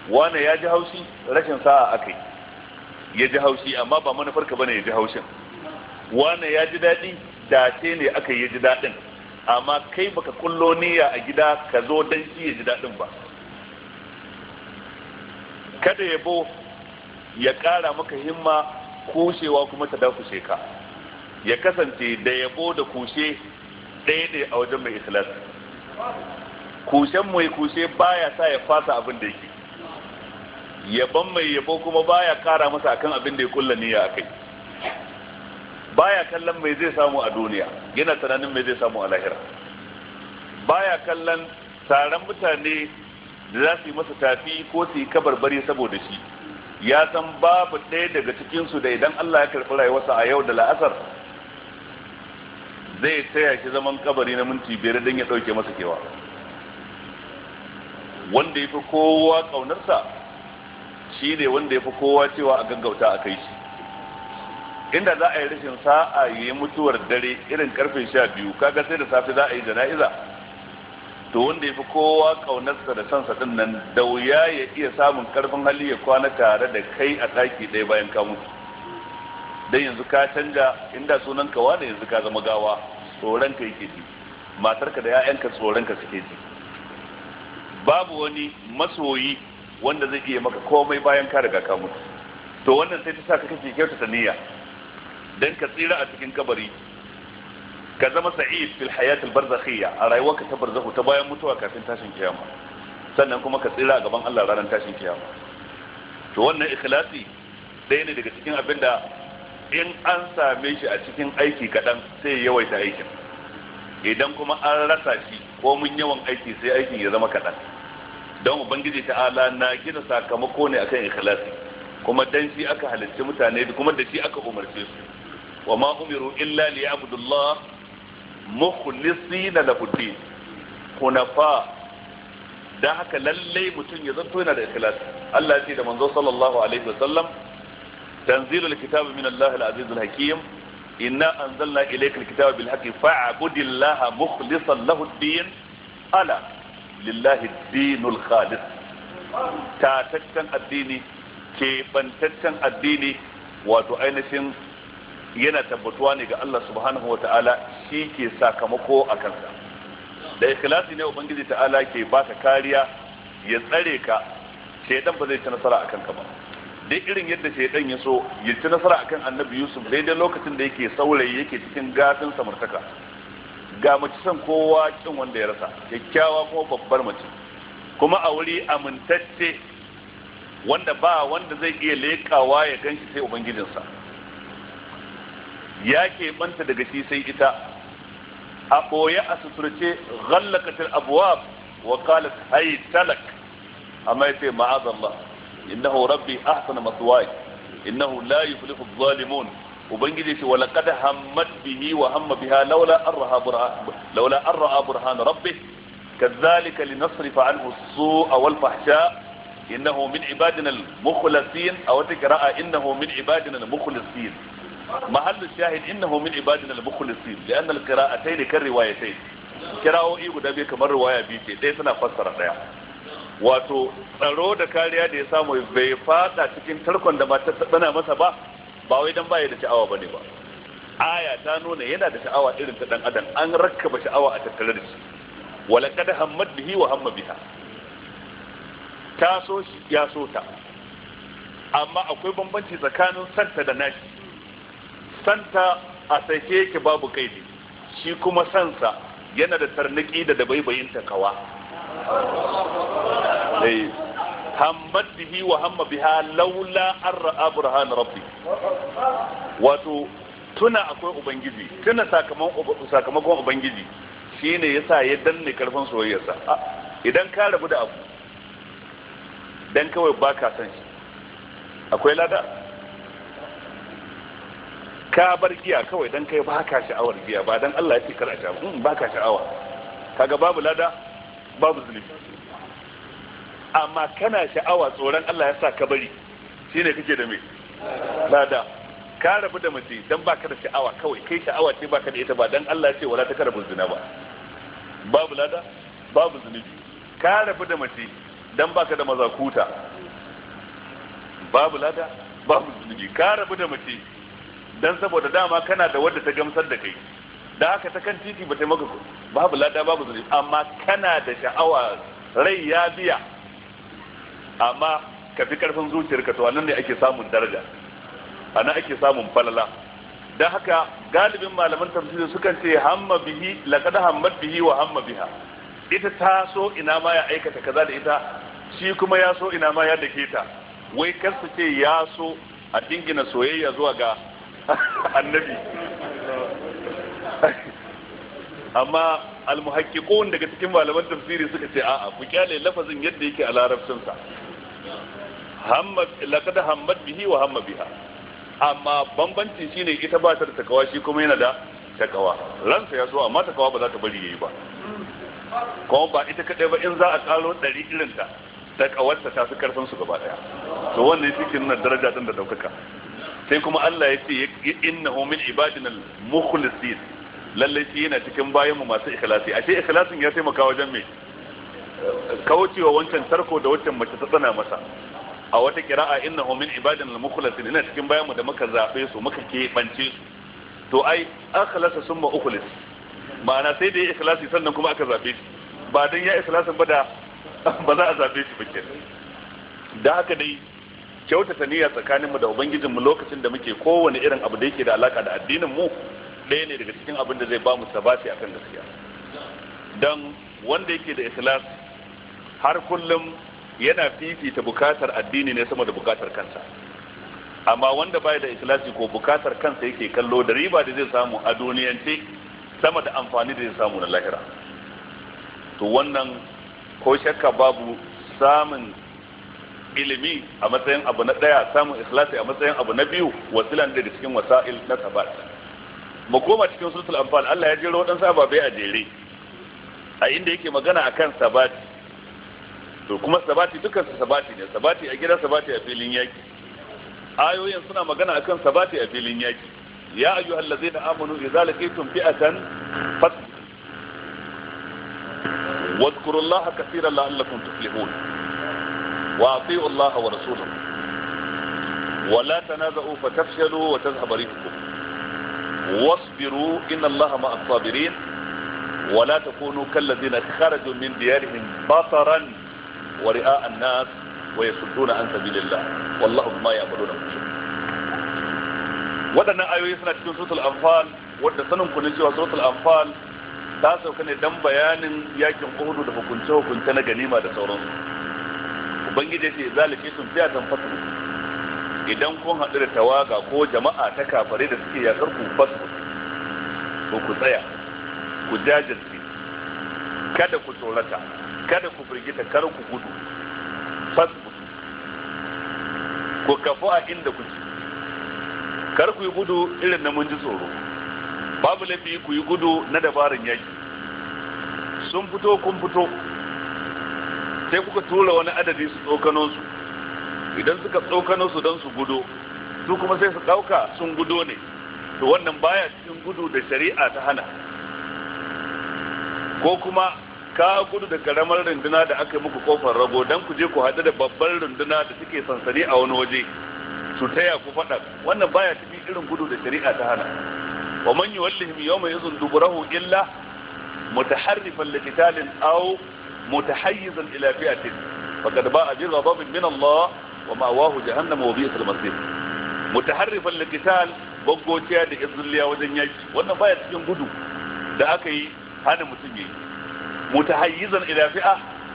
wani ya ji haushi rashin sa'a yi ya ji haushi amma ba manufar ka bane ya ji haushin wani ya ji daɗi dace ne aka yi ji daɗin amma kai baka kullo niyya a gida ka zo don shi ya ji daɗin ba kada yabo ya ƙara maka himma kushewa kuma ta dakushe ka ya kasance da yabo da kushe ɗaya ne a wajen mai islas. kushen mai kushe baya sa ya fasa abin da yake yabon mai yabo kuma baya ƙara masa akan abin da ya kulla niyya Ba baya kallon mai zai samu a duniya yana tunanin mai zai samu a lahira baya kallon taron mutane da za su yi masa tafi ko su yi kabarbari saboda shi ya san babu ɗaya daga cikinsu da idan Allah ya karɓi rayuwarsa a yau da la'asar zai taya shi zaman kabari na minti biyar don ya ɗauke masa kewa wanda ya fi kowa ƙaunarsa shi ne wanda ya fi kowa cewa a gaggauta a kai shi inda za a yi rashin sa'a yi mutuwar dare irin karfe sha biyu kaga sai da safe za a yi jana'iza to wanda ya fi kowa kaunarsa da sansa din nan da wuya ya iya samun karfin hali ya kwana tare da kai a ɗaki ɗaya bayan ka mutu dan yanzu ka canja inda sunan ka wani yanzu ka zama gawa tsoron ka yake ji ka da 'ya'yanka tsoron ka suke ji babu wani masoyi wanda zai iya maka komai bayan ka riga ka mutu to wannan sai ta sa ka kake kyautata niyya dan ka tsira a cikin kabari ka zama sa'id fil hayatil barzakhiyya a ka ta barzakhu ta bayan mutuwa kafin tashin kiyama sannan kuma ka tsira gaban Allah ranar tashin kiyama to wannan ikhlasi ɗaya ne daga cikin abin da in an same shi a cikin aiki kaɗan sai yawaita aikin idan kuma an rasa shi ko mun yawan aiki sai aikin ya zama kaɗan don ubangiji ta'ala na gina sakamako ne akan ikhlasi kuma dan shi aka halarci mutane kuma da shi aka umarce su wa ma umiru illa liya'budu mukhlisina lahu din hunafa da haka lallai mutum ya zanto yana da ikhlas Allah ya ce da manzo sallallahu alaihi wasallam tanzilul kitabi min Allah al-aziz hakim inna anzalna ilayka al-kitaba bil haqqi fa'budillaha mukhlishan lahu ad-din ala lillahi dinul khalis tataccen addini ke bantaccen addini wato ainihin yana tabbatuwa ne ga Allah subhanahu wa ta'ala shi ke sakamako a kansa da ikhlasi ne ubangiji ta'ala ke ba ka kariya ya tsare ka shaidan ba zai ci nasara akan ka ba dai irin yadda shaidan ya so ya ci nasara akan annabi yusuf daidai lokacin da yake saurayi yake cikin gafin samartaka ga mace son kowa kin wanda ya rasa kyakkyawa ko babbar mace kuma a wuri amintacce wanda ba wanda zai iya lekawa ya ganki sai ubangijinsa ya keɓanta daga shi sai ita a ɓoye a suturce ghallakatil abuwab wa qalat hay talak amma yace ma'azallah innahu rabbi ahsana maswaya innahu la yuflihu adh-dhalimun ubangiji shi wala kad hammat bihi wa hamma biha laula arha burhan laula arha burhan rabbih kadhalika linasrifa anhu as-su'a wal fahsha innahu min ibadina al-mukhlasin aw tikra'a innahu min ibadina al-mukhlasin mahallin shahid innahu min ibadina al-mukhlisin lian al-qira'atayn kan riwayatayn kira'o'i guda biyu kamar riwaya biyu ce ɗaya suna fassara ɗaya wato tsaro da kariya da ya samu bai fada cikin tarkon da matar tsana masa ba ba wai dan baya da sha'awa bane ba aya ta nuna yana da sha'awa irin ta dan adam an rakkaba sha'awa a tattare da shi wala kad hammad bihi wa hamma biha ta so shi ya so ta amma akwai bambanci tsakanin santa da nashi santa a sake yake babu kaidi shi kuma sansa yana da tarniki da dabaibayin kawa. eh bihi wa hamma biha laula an ra'a rabbi wato tuna akwai ubangiji tuna sakamakon ubangiji shine yasa ya danne karfin soyayyarsa idan ka rabu da abu dan kawai baka san shi akwai lada ka bar giya kawai dan kai ba ka sha'awar giya ba dan Allah ya ce kar a sha ba hmm, ka sha'awa kaga babu lada babu zulubi amma kana sha'awa tsoron Allah ya sa ka bari shine kake da me lada ka rabu da mace dan baka da sha'awa kawai kai sha'awa ce baka da ita ba dan Allah ya ce wala ta karabu zina ba babu lada babu zunubi ka rabu da mace dan baka da mazakuta babu lada babu zunubi ka rabu da mace dan saboda dama kana da wadda ta gamsar da kai da haka ta kan titi ba ta maka babu lada babu zuri amma kana da sha'awa rai ya biya amma ka fi karfin zuciyarka to nan ne ake samun daraja anan ake samun falala dan haka galibin malaman tafsiri sukan ce hamma bihi laqad hammat bihi wa hamma biha ita ta so ina ma ya aikata kaza da ita shi kuma ya so ina ma ya dake ta wai kar ce ya so a dingina soyayya zuwa ga annabi amma almuhakkikun daga cikin malaman tafsiri suka ce a'a ku kyale lafazin yadda yake a larabcin sa hammat laqad hammat bihi wa hamma biha amma bambanci shine ita ba ta takawa shi kuma yana da takawa ransa ya so amma takawa ba za ta bari yayi ba kuma ba ita kadai ba in za a karo ɗari irin ta takawarta ta fi karfin su gaba daya to wannan shi nuna daraja din da daukaka sai kuma Allah ya ce innahu min ibadina al-mukhlisin lalle shi yana cikin bayan mu masu ikhlasi ashe ikhlasin ya taimaka wajen me kaucewa wancan tarko da wancan mace ta tsana masa a wata kira'a innahu min ibadina al-mukhlasin yana cikin bayan mu da muka zabe su muka keɓance su to ai akhlasa summa ukhlis ma'ana sai da ya ikhlasi sannan kuma aka zabe shi ba dan ya ikhlasin ba da ba za a zabe shi ba kenan da haka dai kyautata niyya mu da ubangijinmu lokacin da muke kowane irin abu da yake da alaka da addinin mu ɗaya ne daga cikin abin da zai ba mu sabati akan gaskiya dan wanda yake da ikhlas har kullum yana fifita bukatar addini ne sama da bukatar kansa amma wanda baya da ikhlasi ko bukatar kansa yake kallo da riba da zai samu a duniyance sama da amfani da zai samu na lahira to wannan ko shakka babu samun ilimi a matsayin abu na daya samun ikhlasi a matsayin abu na biyu wasilan da cikin wasa'il na sabat mu koma cikin suratul anfal Allah ya jero wadansu ababai a jere a inda yake magana akan sabati to kuma sabati dukkan su sabati ne sabati a gida sabati a filin yaki ayoyin suna magana akan sabati a filin yaki ya ayyuhallazina amanu idza laqitum fi'atan fat واذكروا الله كثيرا لعلكم تفلحون wa ati'u Allah wa rasulahu wa la tanaza'u fatafshalu wa tadhhabu rihukum wasbiru inna Allah ma'a as-sabirin wa la takunu kalladhina kharaju min diyarihim bataran wa ri'a an-nas wa waɗannan ayoyi suna cikin suratul anfal wadda sanin ku ne cewa suratul anfal ta sauka ne dan bayanin yakin uhudu da hukunce hukunce na ganima da sauransu ubangiji ce zalike sun fiya tan fasu idan kun haɗu da tawaga ko jama'a ta kafare da suke yakar ku fasu ko ku tsaya ku jajirce kada ku tsorata kada ku firgita kar ku gudu fasu ku kafu a inda ci. kar ku yi gudu irin na mun ji tsoro babu laifi ku yi gudu na dabarin yaki sun fito kun fito sai kuka tura wani adadi su tsokano su idan suka tsokano su don su gudo su kuma sai su ɗauka sun gudo ne to wannan baya cikin gudu da shari'a ta hana ko kuma ka gudu da karamar runduna da aka yi muku kofar rago don ku je ku haɗu da babbar runduna da suke sansani a wani waje su taya ku faɗa wannan baya cikin irin gudu da shari'a ta hana wa man yuwallihim yawma yazun duburahu illa mutaharrifan likitalin aw متحيزا إلى فئة فقد باء بغضب من الله ومأواه جهنم وضيئة المصير متحرفا للقتال gwaggociya da izulliya wajen yaki wannan baya cikin gudu da aka yi hana mutum yayi mutahayyizan ila fi'a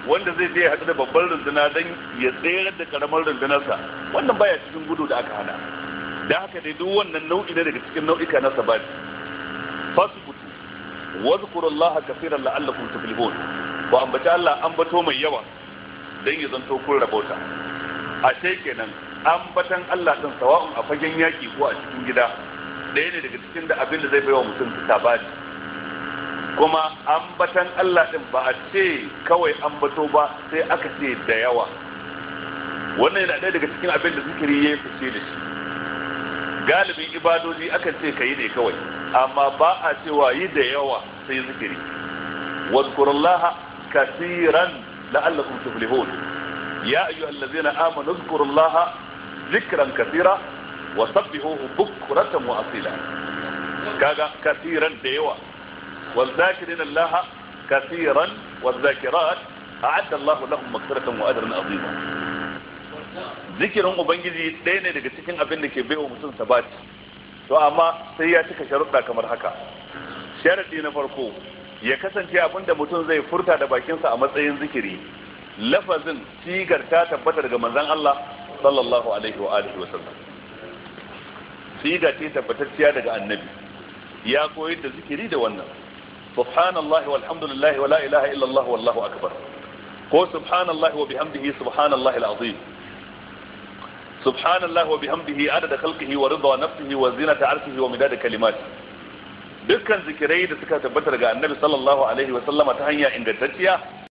wanda zai je ya da babban runduna dan ya tsayar da karamar rundunarsa wannan baya cikin gudu da aka hana da haka dai duk wannan nau'i ne daga cikin nau'ika na sabati fasbutu wazkurullaha kaseeran la'allakum tuflihun Ba an ambaci Allah an bato mai yawa don yanzu zanto kun rabota a sai kenan ambatan Allah din sawa'un a fagen yaki ko a cikin gida ɗaya ne daga cikin da abin da zai wa mutum ta ba kuma ambatan Allah din ba a ce kawai ambato ba sai aka ce da yawa wannan yana ɗaya daga cikin abin da zikiri ya yi fice da shi galibin ibadoji aka ce ka yi ne kawai amma ba a cewa yi da yawa sai zikiri wadkurallaha كثيرا لعلكم تفلحون يا أيها الذين آمنوا اذكروا الله ذكرا كثيرا وسبحوه بكرة وأصيلا كذا كثيرا ديوا والذاكرين الله كثيرا والذاكرات أعد الله لهم مغفرة وأجرا عظيما zikirin ubangiji ɗaya ne daga cikin abin da ke baiwa mutum sabati to amma sai ya cika sharuɗa kamar haka sharadi na farko ya kasance abin da mutum zai furta da bakinsa a matsayin zikiri lafazin sigar ta tabbata daga manzan Allah sallallahu alaihi wa alihi wa wasallam siga ce tabbatacciya daga annabi ya koyar da zikiri da wannan subhanallahi walhamdulillahi la ilaha illallah wallahu akbar ko subhanallahi wa bihamdihi subhanallahi alazim subhanallahi wa bihamdihi adada khalqihi wa ridha nafsihi wa zinata arshihi wa midada kalimatihi dukkan zikirai da suka tabbatar ga annabi sallallahu alaihi ta hanya ingantacciya